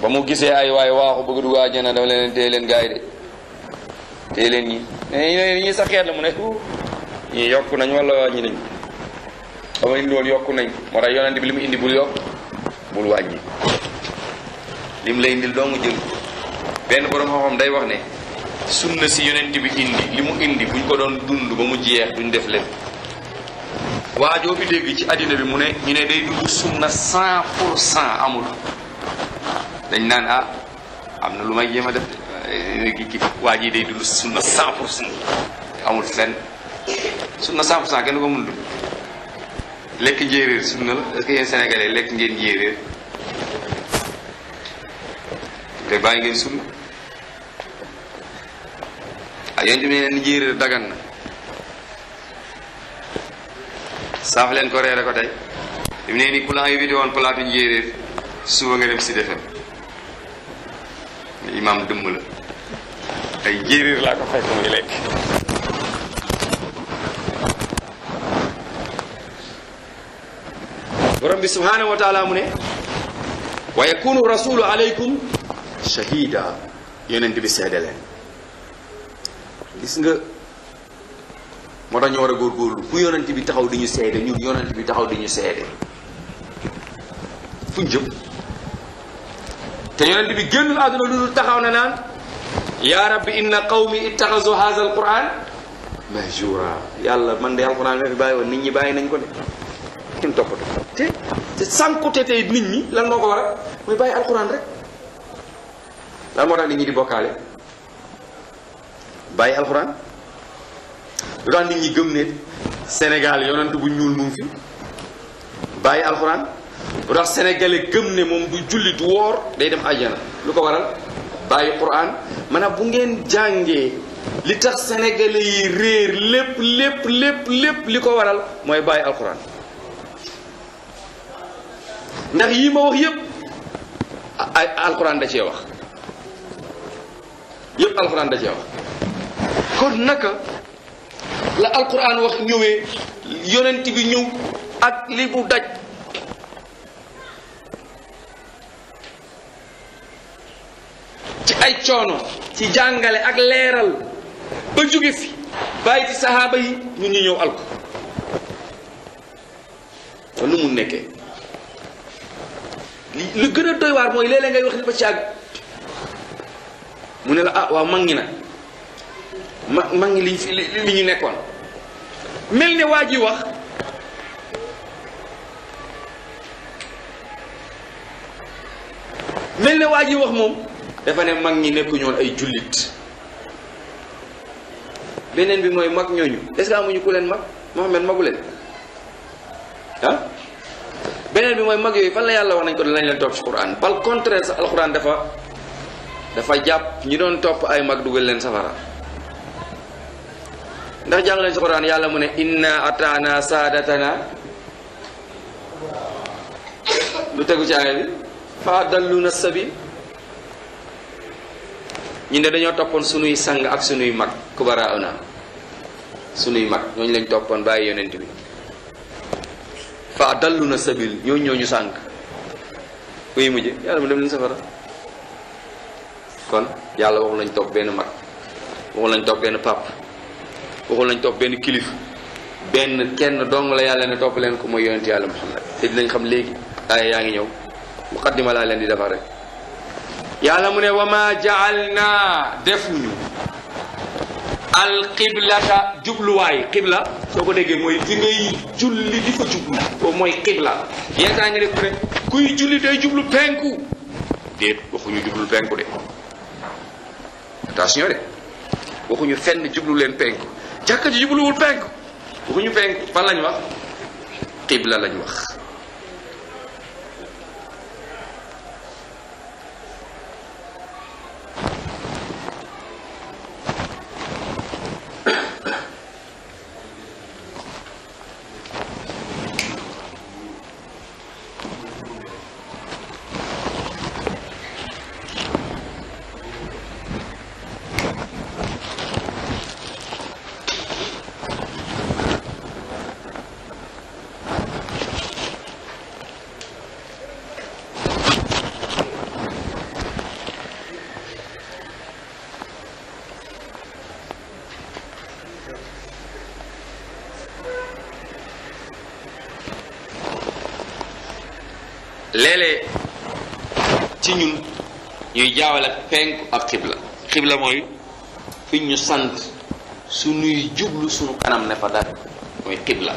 ba mu gise ay waay waaxu bëgg dugg àjjana dama leen dee leen gaay de téye leen ñi ne ñi sa xeet la mu ne ñii yokk nañ wala wàññi nañ dama indi woon yokku nañ moo tax yonent bi li mu indi bul yokk bul lim lay indil dong benn borom day wax ne sunna si yonent bi mu indi buñ ko doon dund ba mu jeex duñ def lépp waajoo bi dégg ci àddina bi mu ne ñu ne day dugg sunna cent pour cent amul dañ naan ah am na lu may jéem a def léegi ci waa ji day dund sunna cent pour cent amul fenn sunna cent pour cent kenn ko mun dund lekk njéeréer sunna la est-ce que yéen sénégalais lekk ngeen njéeréer te bàyyi ngeen sunna ah yéen tamit nee dagan na saaf leen ko reere ko tey li mu ne nii ku la invité woon nga dem si defem imam dëmm la ay jéeréer laa ko fekk muy lekk borom bi subhanahu wa taala mu ne wa yakunu rasulu aleykum shahida yonent bi seede leen gis nga moo tax ñu war a góorgóorlu fu yonent bi taxaw di ñu seede bi taxaw di ñu fu ñu te yonent bi génnul àdduna lu dul taxaw na naan yaa rabbi inna qawmi ittaxasu haza alquran mahjura yàlla man de alquran nga fi bàyyi woon nit ñi bàyyi nañ ko de kenn toppatu te te sànkute tey nit ñi lan moo ko waral mooy bàyyi alquran rek lan moo tax nit ñi di bokkaale bàyyi alquran lu tax nit ñi gëm ne Sénégal yonent bu ñuul mu fi bàyyi alquran lu tax sénégalais gëm ne moom du julli du woor day dem àjjana lu ko waral bàyyi Qur'an maanaam bu ngeen jàngee li tax sénégalais yi réer lépp lépp lépp li ko waral mooy bàyyi alquran ndax yii ma wax yëpp ay alquran da cee wax yëpp alquran da cee wax kon naka la alquran wax ñëwee yonent bi ñëw ak li mu daj ci ay coono ci jàngale ak leeral ba jóge fi bàyyi fi saxaaba yi ñu ñu ñëw alko kon nu mu nekkee li lu gën a doy waar mooy léeg ngay wax ni ba ci mu ne la ah waaw mag ñi nag ma mag ñi li ñu nekkoon mel ne waa ji wax mel ne waa ji wax moom dafa ne mag ñi nekkuñu woon ay jullit beneen bi mooy mag ñooñu est amuñu ku leen mag Mouhamed magu leen ah beneen bi mooy mag yooyu fan la yàlla wax nañ ko danañ leen topp ci Qur'an par contraire sax alxuraan dafa dafa jàpp ñi doon topp ay mag dugal leen safara ndax jàng leen ci Qur'an yàlla mu ne inna ataana saadatana lu tegu ci aaya bi fa adalluna sabil ñu ne dañoo toppoon sunuy sang ak sunuy mag kubara una sunuy mag ñooñu lañ toppoon bàyyi yonent bi fa dallu na sabil ñooñu ñooñu sànq kuy mujj yàlla mu dem leen safara kon yàlla waxul lañ topp benn mag waxul lañ topp benn pap waxul lañ topp benn kilif benn kenn dong la yàlla ne topp leen ko mooy yonent yàlla muhammad te dinañ xam léegi aaya yaa ngi ñëw muqaddima laa leen di defar rek yàlla mu ne wama jaal naa defuñu alqiblata jubluwaay qibla soo ko déggee mooy fi ngay julli di ko jublu boobu mooy qibla yeesaa nga def ne kuy julli day jublu penku déet waxuñu jublu penku de attention de waxuñu fenn jublu leen penku jàkka ji jubluwul penku waxuñu penku fan lañ wax qibla lañ wax ci ñun ñuy jaawale penku ak xibla xibla mooy fi ñu sant suñuy jublu suñu kanam ne fa dara mooy xibla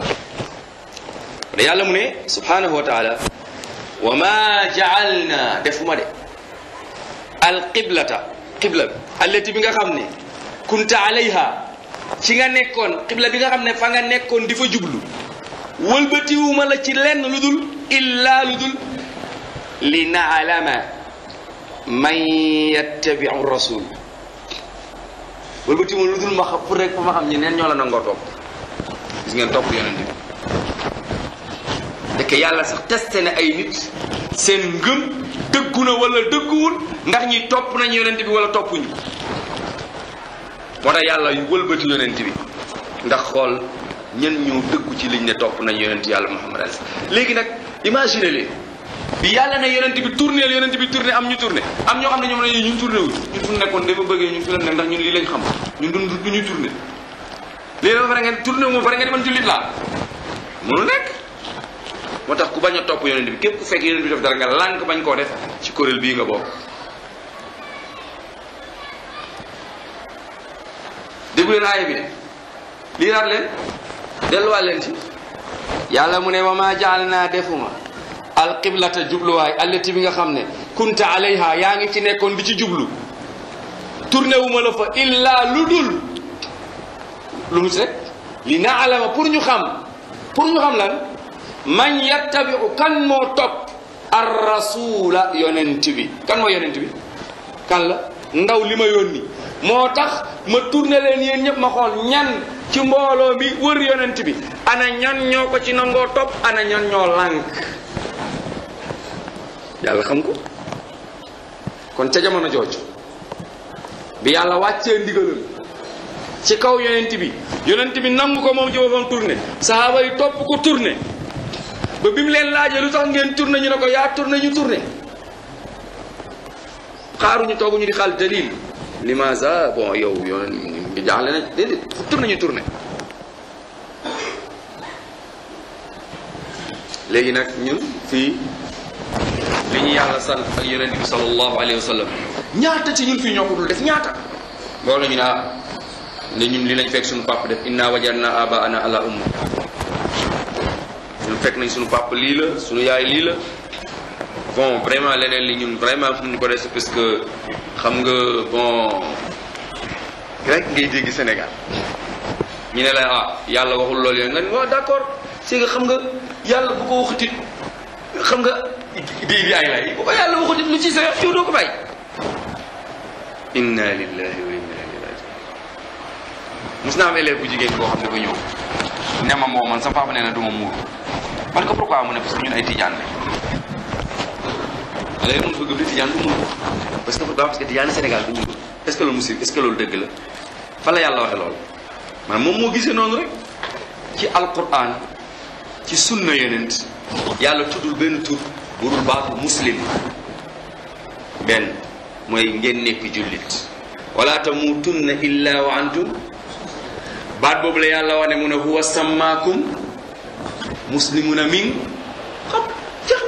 da yàlla mu ne subhanahu wa wa ma jaalna defuma de al qiblata qibla bi allati bi nga xam ne kunta alayha ci nga nekkoon qibla bi nga xam ne fa nga nekkoon di fa jublu wëlbatiwuma la ci lenn lu dul illaa lu dul li naalama man yattabiu rasul wala ba timu lu dul ma xam pour rek pour ma xam ñi neen ñoo la nangoo topp gis ngeen topp yonent bi dëkk yàlla sax testé na ay nit seen ngëm dëggu na wala dëgguwul ndax ñi topp nañ yonent bi wala toppuñu moo tax yàlla wëlbati yonent bi ndax xool ñen ñu dëggu ci liñ ne topp nañ yonent yàlla Muhammad léegi nag imagine leen bi yàlla ne yonent bi tourné yonent bi tourné am ñu tourné am ñoo xam ne ñoom lañuy ñun tourné wuñ ñun fu nekkoon dafa bëggee ñun fi la nekk lii lañ xam ñun duñ du ñuy tourné léegi dafa pare ngeen tourné moom pare ngeen nekk moo tax ku bañ a topp yonent bi képp ku fekk yonent bi def dara nga lànk bañ koo def ci kuréel bii nga bokk déggu leen aaya bi de lii daal leen delluwaat leen ci yàlla mu ne wa maa jaal naa defuma alqiblata jubluwaay allati bi nga xam ne kunta alayha yaa ngi ci nekkoon di ci jublu tourné wu ma la fa illa lu dul lu mu ci rek na naalama pour ñu xam pour ñu xam lan man yattabiu kan moo topp ar rasula yonent bi kan moo yonent bi kan la ndaw li ma yónni moo tax ma tourné leen yen ñëpp ma xool ñan ci mbooloo mi wër yonent bi ana ñan ñoo ko ci nangoo topp ana ñan ñoo lànk yàlla xam ko kon ca jamono jooju bi yàlla wàccee ndigalul ci kaw yonent bi yonent bi nangu ko moom ci boppam tourné sahaaba yi topp ko tourné ba bi mu leen laajee lu tax ngeen tourné ñu ne ko yaa tourné ñu tourné xaaruñu tooguñu di xaal dalil limaza bon yow yonen ñu jaaxle na déedéet tourné ñu tourné léegi nag ñun fii li ñu yàlla sant ak yonent bi sallallahu alayhi wa sallam ñaata ci ñun fii ñoo ko dul def ñaata loolu ñu ne ah ne ñun lii lañ fekk suñu papa def inna wajarna aba ana ala umma ñun fekk nañ suñu papa lii la suñu yaay lii la bon vraiment leneen li ñun vraiment fu ñu ko des parce que xam nga bon rek ngay dégg Sénégal ñu ne la ah yàlla waxul loolu yooyu nga ne waaw d'accord xam nga yàlla bu ko waxatit xam nga déy bi ay laay bu yàlla waxul ko bàyyi inna lillahi wa inna naa bu jigéen boo xam ne ba ñëw ne ma moo man sama que pourquoi mu ne parce que ñun ay tijaan la que pourquoi parce que tijaan Sénégal du muuru est loolu musir est loolu dëgg la fa la yàlla waxe loolu maanaam moom moo gisee noonu rek ci alquran ci sunna yenent yàlla tuddul benn tur bu dul baatu muslim benn mooy ngeen nekk jullit wala tamuutunna illa wa antum baat boobu la yàlla wane mu ne huwa sammaakum muslimuna min xam jeex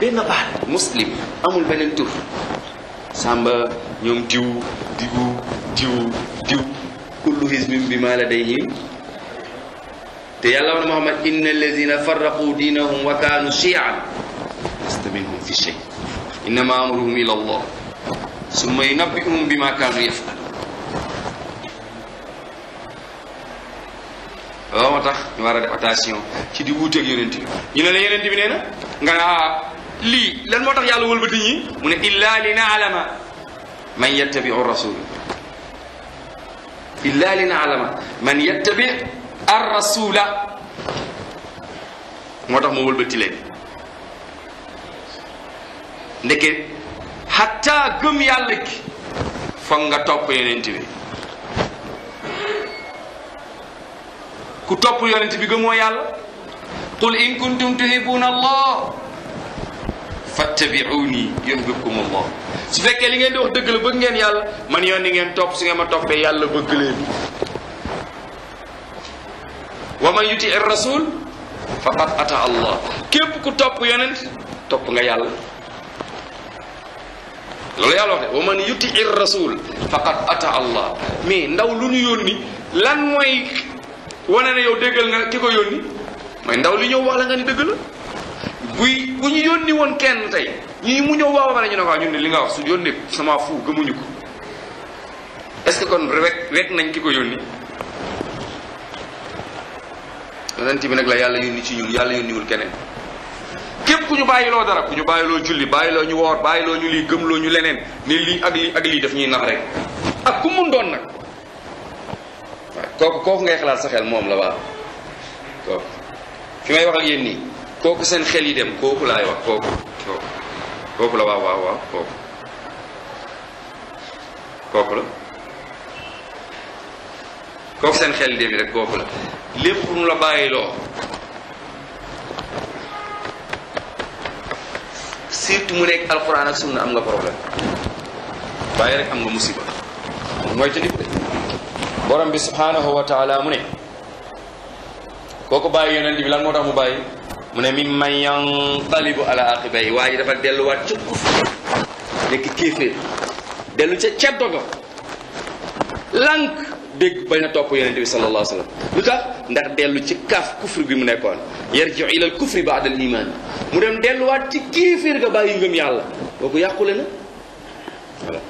benn baat muslim amul beneen tur sàmba ñoom diw diwu diw diw kullu hizbin bi ma ladayhim te yàlla wax na Muhammad inna allazina farraqu diinahum wa kaanu shiyan lasta minhum fi shay innama amruhum ila allah summa yunabbi'uhum bima kaanu yaf'aluun loolu moo tax ñu war a def attention ci di wuuteeg yonent bi ñu ne la yonent bi nee na nga naa ah, lii lan moo tax yàlla wëlbati ñi mu ne illa li naalama man yattabiu rasul illa li naalama man yattabi ar rasula moo tax mu wëlbati leen ndeke xatta gëm yàlla gi foog nga topp yonent bi ku topp yonent bi gëmoo yàlla qul in kuntum tuhibbuuna allah fattabiuni yuhbibkum allah su fekkee li ngeen di wax dëgg la bëgg ngeen yàlla man yoon ni ngeen topp su ngeen ma toppee yàlla bëgg leen wa man yuti ir rasul faqad ata allah képp ku topp yonent topp nga yàlla loolu yàlla wax ne wa man yuti ir rasul faqad ata allah mais ndaw lu ñu yónni lan mooy wane ne yow déggal nga ki ko yónni mooy ndaw li ñëw wax la nga ni dëgg la buy bu ñu yónni woon kenn tey ñii mu ñëw waaw la ñu ne ko ah, ñun ne li nga wax su yónnee sama fu gëmuñu ko est-ce que kon rek rek nañ ki ko yónni yonent bi nag la yàlla yónni ci ñun yàlla yónniwul keneen képp ku ñu bàyyiloo dara ku ñu bàyyiloo julli bàyyiloo ñu woor bàyyiloo ñu lii gëmloo ñu leneen ne lii ak lii ak lii daf ñuy nax rek ak ku mun doon nag waaye kooku kooku ngay xalaat sa xel moom la waa kooku fi may wax ak yéen nii kooku seen xel yi dem kooku laay wax kooku kooku waaw waaw waaw kooku kooku la kooku seen xel yi dem yi rek kooku la lépp lu la bàyyiloo surtout mu nekk alxuraan ak sunna am nga problème waaye rek am nga musiba mooy te nit borom bi subhanahu wa taala mu ne kooku bàyyi yonent bi lan moo tax mu bàyyi mu ne min man yanqalibu ala aqibay waa ji dafa delluwaat ca kufr nekk kéeféer dellu ca ceddo ga dégg bañ na topp yonent bi sallallahu alayhi wa lu tax ndax dellu ci kaaf kufri bi mu nekkoon yarjiu ilal kufri baadal iman mu dem delluwaat ci kéeféer ga bàyyi ngëm yàlla kooku yàqule na voilà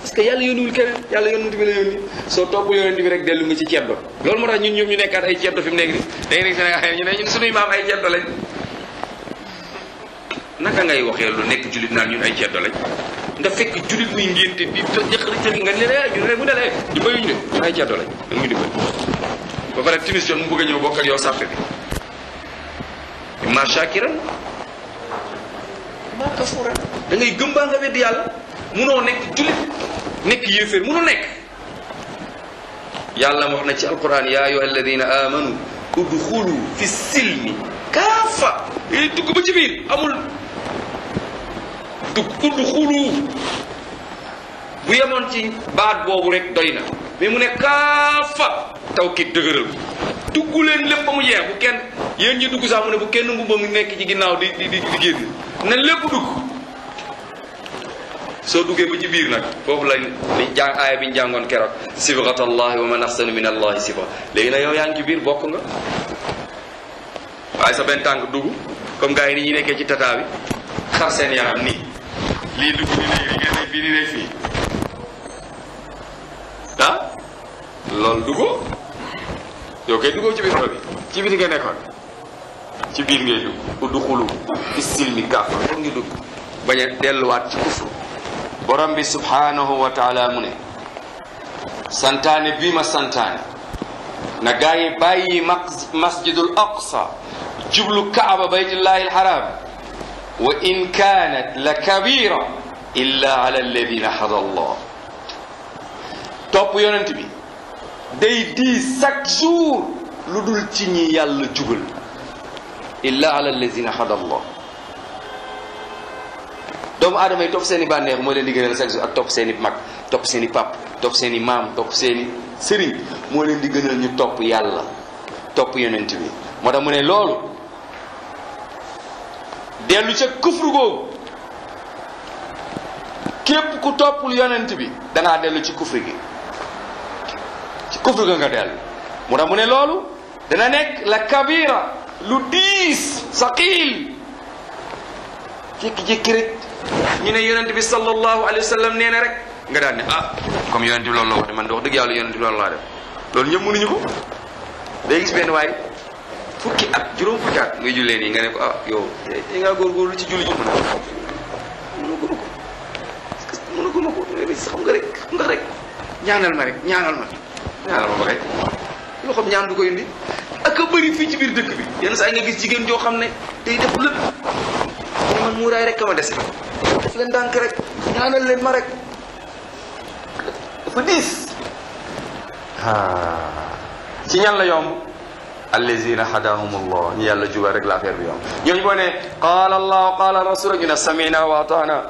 parce que yàlla yónniwul keneen yàlla yónent bi la yónni soo topp yonent rek dellu nga ci ceddo loolu moo tax ñun ñoom ñu nekkaat ay ceddo fi mu nekk ni dañuy nekk Sénégal maam ay ceddo lañ naka ngay waxee lu nekk jullit naan ñun ay ceddo lañ nga fekk jullit muy ngénte di jëxëri jëri nga ne lee ñu ne mu ne lee di bayuñu de waaye jàddo lañ dag muy dimbali ba pare timis jot mu bëgg a ñëw bokk ak yow sàppe bi ma shakiran ma kafuran da ngay gëm baa nga weddi yàlla munoo nekk jullit nekk yéeféer munu nekk yàlla wax na ci alquran ya ayyuha alladina amanu udxulu fi silmi kaafa dugg ba ci biir amul dugg udd bu yemoon ci baat boobu rek doy na mais mu ne kaafa taw ki leen lépp ba mu jeex bu kenn yéen ñi dugg sax mu ne bu kenn ngumba mu nekk ci ginnaaw di di di génn na lépp dugg soo duggee bi ci biir nag foofu lañ liñ jàng aaya bi ñu jàngoon keroog sibghat allahi wa man ahsanu min allahi sibgha léegi nag yow yaa ngi biir bokk nga waaye sa benn tànk dugg comme gars yi ni ñuy nekkee ci tata bi xar seen yaram nii lii dugg di ne li génne bii di ne fii ah loolu duggoo yow kay duggoo ci biir oto bi ci biir nga nekkoon ci biir ngay dugg uddu xulu istil mi kàpp foog ñu delluwaat ci kufru borom bi subhanahu wa taala mu ne santaane bii ma santaane na gaa yi bàyyi masjidul aqsa jublu kaaba baytullahi alharam wa in kaanat la kabira illa ala alladina hada allah topp yonent bi day diis chaque jour lu dul ci ñi yàlla jubal illa ala alladina hada allah doomu aadama yi topp seen i bànneex moo leen di gënal chaque jour ak topp seen i mag topp seen i pap topp seen i maam topp seen i sëriñ moo leen di gënal ñu topp yàlla topp yonent bi moo tax mu ne loolu dellu ci kufru googu képp ku toppul yonent bi dangaa dellu ci kufri gi ci kufri ga nga dellu mu tax mu ne loolu dana nekk la kabira lu diis saqiil jékki-jékki rek ñu ne yonent bi sallallahu alayhi wa sallam nee rek nga daan ne ah comme yonent bi loolu man de wax dëgg yàlla yonent bi loolu laa def loolu ñëpp mënuñu ko day gis benn waay fukki at juróom fukki at ngay jullee nii nga ne ko ah yow tey eh, eh, ngaa góorgóorlu ci julli ji mën a mënaguma ko parce que mënaguma ko xam nga rek xam nga rek ñaanal ma rek ñaanal ma ñaanal ma ba kay loxoom ñaan du ko indi ak a bëri fii ci biir dëkk bi yenn saa yi nga gis jigéen joo xam ne day def lépp mais man muuraay rek ka ma dese def leen ndànk rek ñaanal leen ma rek dafa diis ah. ci ñan la yomb allazina hadahumullah ñu yàlla jubal rek la affaire bi yomb ñooñu boo ne qaala allah qaala rasul ñu ne samina wa ataana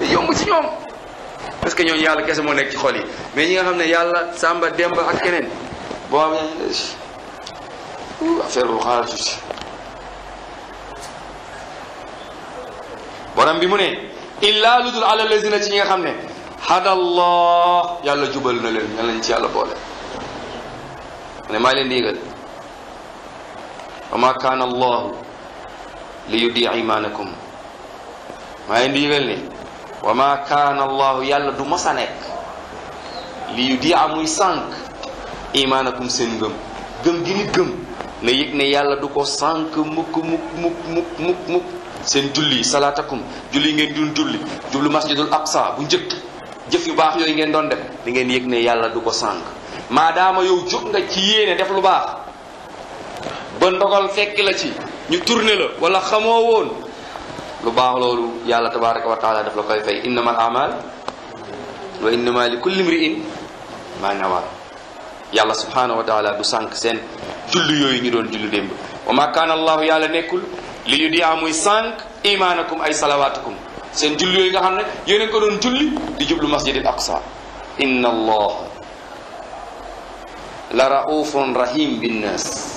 yomb ci que ñooñu yàlla kese moo nekk ci xol yi mais ñi nga xam ne yàlla sàmba demba ak bi mu ne illaa ludul ala lazina ci ñi nga xam ne yàlla jubal leen yàlla ci yàlla boole leen di wa ma kaana allahu li yudia imaanakum maa ngi ndiigal ne wa ma kaana allahu yàlla du mos a nekk li yudia muy sànq imaanakum seen ngëm gëm gi ni gëm na yëg ne yàlla du ko sànq mukk mukk mukk mukk mukk seen julli salaatakum julli ngeen doon julli jublu masjidul aqsa bu njëkk jëf yu baax yooyu ngeen doon def di ngeen yëg ne yàlla du ko sànq maadaama yow jóg nga ci yéene def lu baax bon ndogal fekk la ci ñu tourné la wala xamoo woon lu baax loolu yàlla tabaraka wa taala daf la koy fay innama al wa innama li kulli mriin maa nawa yàlla subhanahu wa taala du seen julli yooyu ñu doon julli démb wa ma kaana allahu yàlla nekkul li yu diyaa muy sànq imaanakum ay salawaatukum seen julli yooyu nga xam ne yéen ko doon julli di jublu masjidil aqsa inna allah la raufun rahim binnas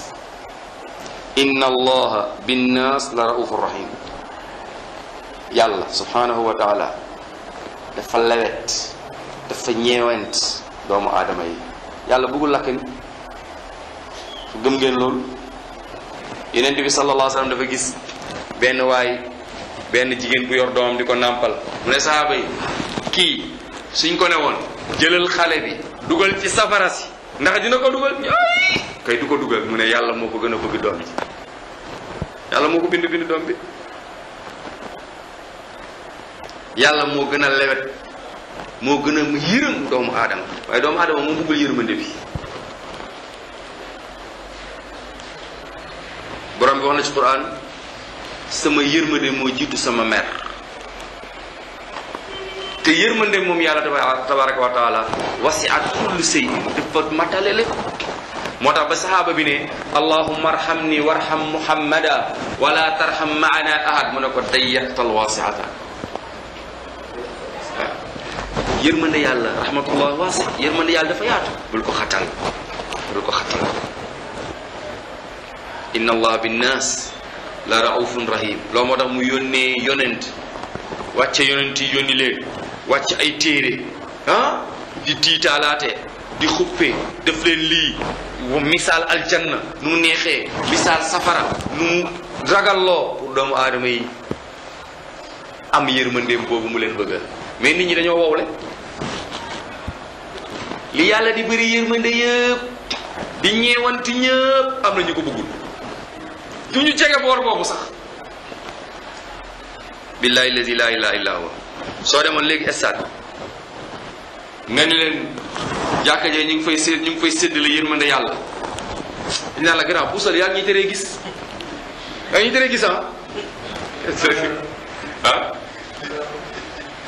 inna allaha binnaas la raufu rahim yàlla subhanahu wa taala dafa lewet dafa ñeewent doomu aadama yi yàlla buggu lakk ni gëm ngeen loolu yeneen bi sallallahu dafa gis benn waay benn jigéen bu yor doomam di ko nàmpal mu ne sahaaba yi kii suñ ko ne woon jëlal xale bi dugal ci safara si ndax dina ko dugal kay du ko dugal mu ne yàlla moo ko gën a bëgg doom ji yàlla moo ko bind bind doom bi yàlla moo gën a lewet moo gën a yërëm doomu aadama waaye doomu aadama moo bëggul yërmande bi borom bi wax na ci quran sama yërmande moo jiitu sama mer te yërmande moom yàlla tabaraka wa taala wasiat kulli shay'in dafa matale lépp moo tax ba sahaaba bi ne allahumma arhamni warham muhammada wala tarham maana ahad mu ne ko dayyaqtal waasiata waaw yërmande yàlla rahmatullah waasi yërmande yàlla dafa yaatu bul ko xatal bul la raufun rahim loolu moo tax mu yónnee yonent wàcce yonent yi yónni leen ay téere ah di tiitaalaate di xuppe def leen lii misaal aljanna nu neexee misaal safara nu ragalloo pour doomu aadama yi am yërmandeem boobu mu leen bëggal mais nit ñi dañoo wowle li yàlla di bëri yërmande yëpp di ñeewanti ñëpp am na ñu ko bëggul du ñu jege boor boobu sax billahi lazi la ilaha soo demoon léegi stade nga ni leen jàkka jee ñu ngi fay sédd ñu ngi fay séddale yërmande yàlla dañ naan la gannaaw puusal yaa ngi ñu teree gis yaa ngi ñu teree gis ah *laughs* ah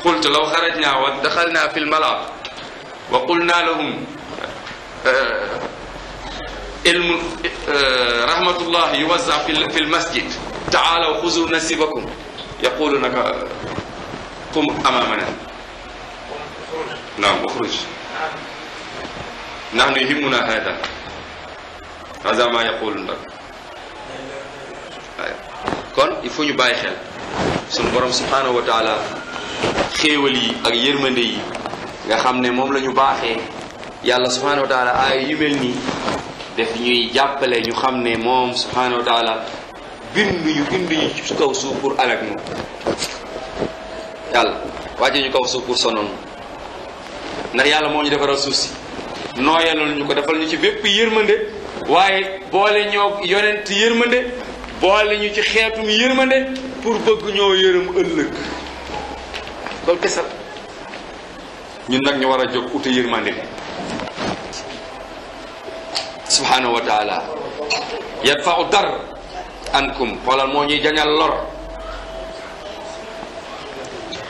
qultu law xarajna wa daxalna fi lmala wa qulna lahum eh, ilmu eh, rahmatullah yuwasa fi lmasjid taalaw xuzu nasibakum yaquluna qum amamana نعم اخرج نحن يهمنا هذا هذا ما يقول nag kon il faut ñu bàyyi xel suñu borom subhanahu wa taala xéewal yi ak yërmande yi nga xam ne moom la ñu baaxee yàlla subhanahu wa taala ay yu mel nii def ñuy jàppale ñu xam ne moom subhanahu wa taala binduñu binduñu ci kaw suuf pour alak moom yàlla wàcce ñu kaw suuf pour sonoon ndax yàlla moo ñu defaral suuf si nooyalul ñu ko defal ñu ci bépp yërmande waaye boole ñoo yonent yërmande boole ñu ci xeetum yërmande pour bëgg ñoo yërëm ëllëg loolu kesal ñun nag ñu war a jóg uta yërmande bi subhanahu wa taala yadfau dar ankum xoolal moo ñuy jañal lor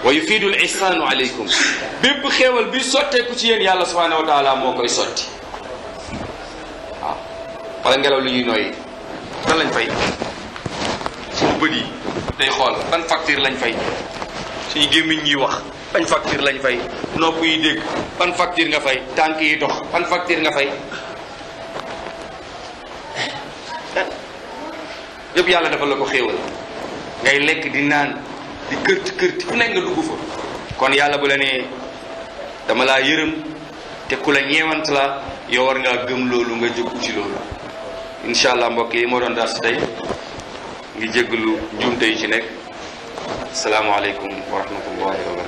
wa yufiidu l ihsaanu aleykum bépp xéewal bi sotteeku ci yéen yàlla subhaanahu wa taala moo koy sotti waaw wala ngelaw li ñuy nooyi lan lañ fay suñu bët yi day xool ban facture lañ fay suñu gémmiñ ñuy wax ban facture lañ fay nopp yi dégg ban facture nga fay tànk yi dox ban facture nga fay eh. yëpp yàlla dafa la ko xéewal ngay lekk di naan di kërti kërti fu nekk nga dugg kon yàlla bu la nee dama laa yërëm te ku la ñeewant la yow war ngaa gëm loolu nga jóg ci loolu incha allah mbokk yi moo doon dars tey ngi jéggalu njuumte yi ci nekk asalaamaaleykum wa rahmatullahi wa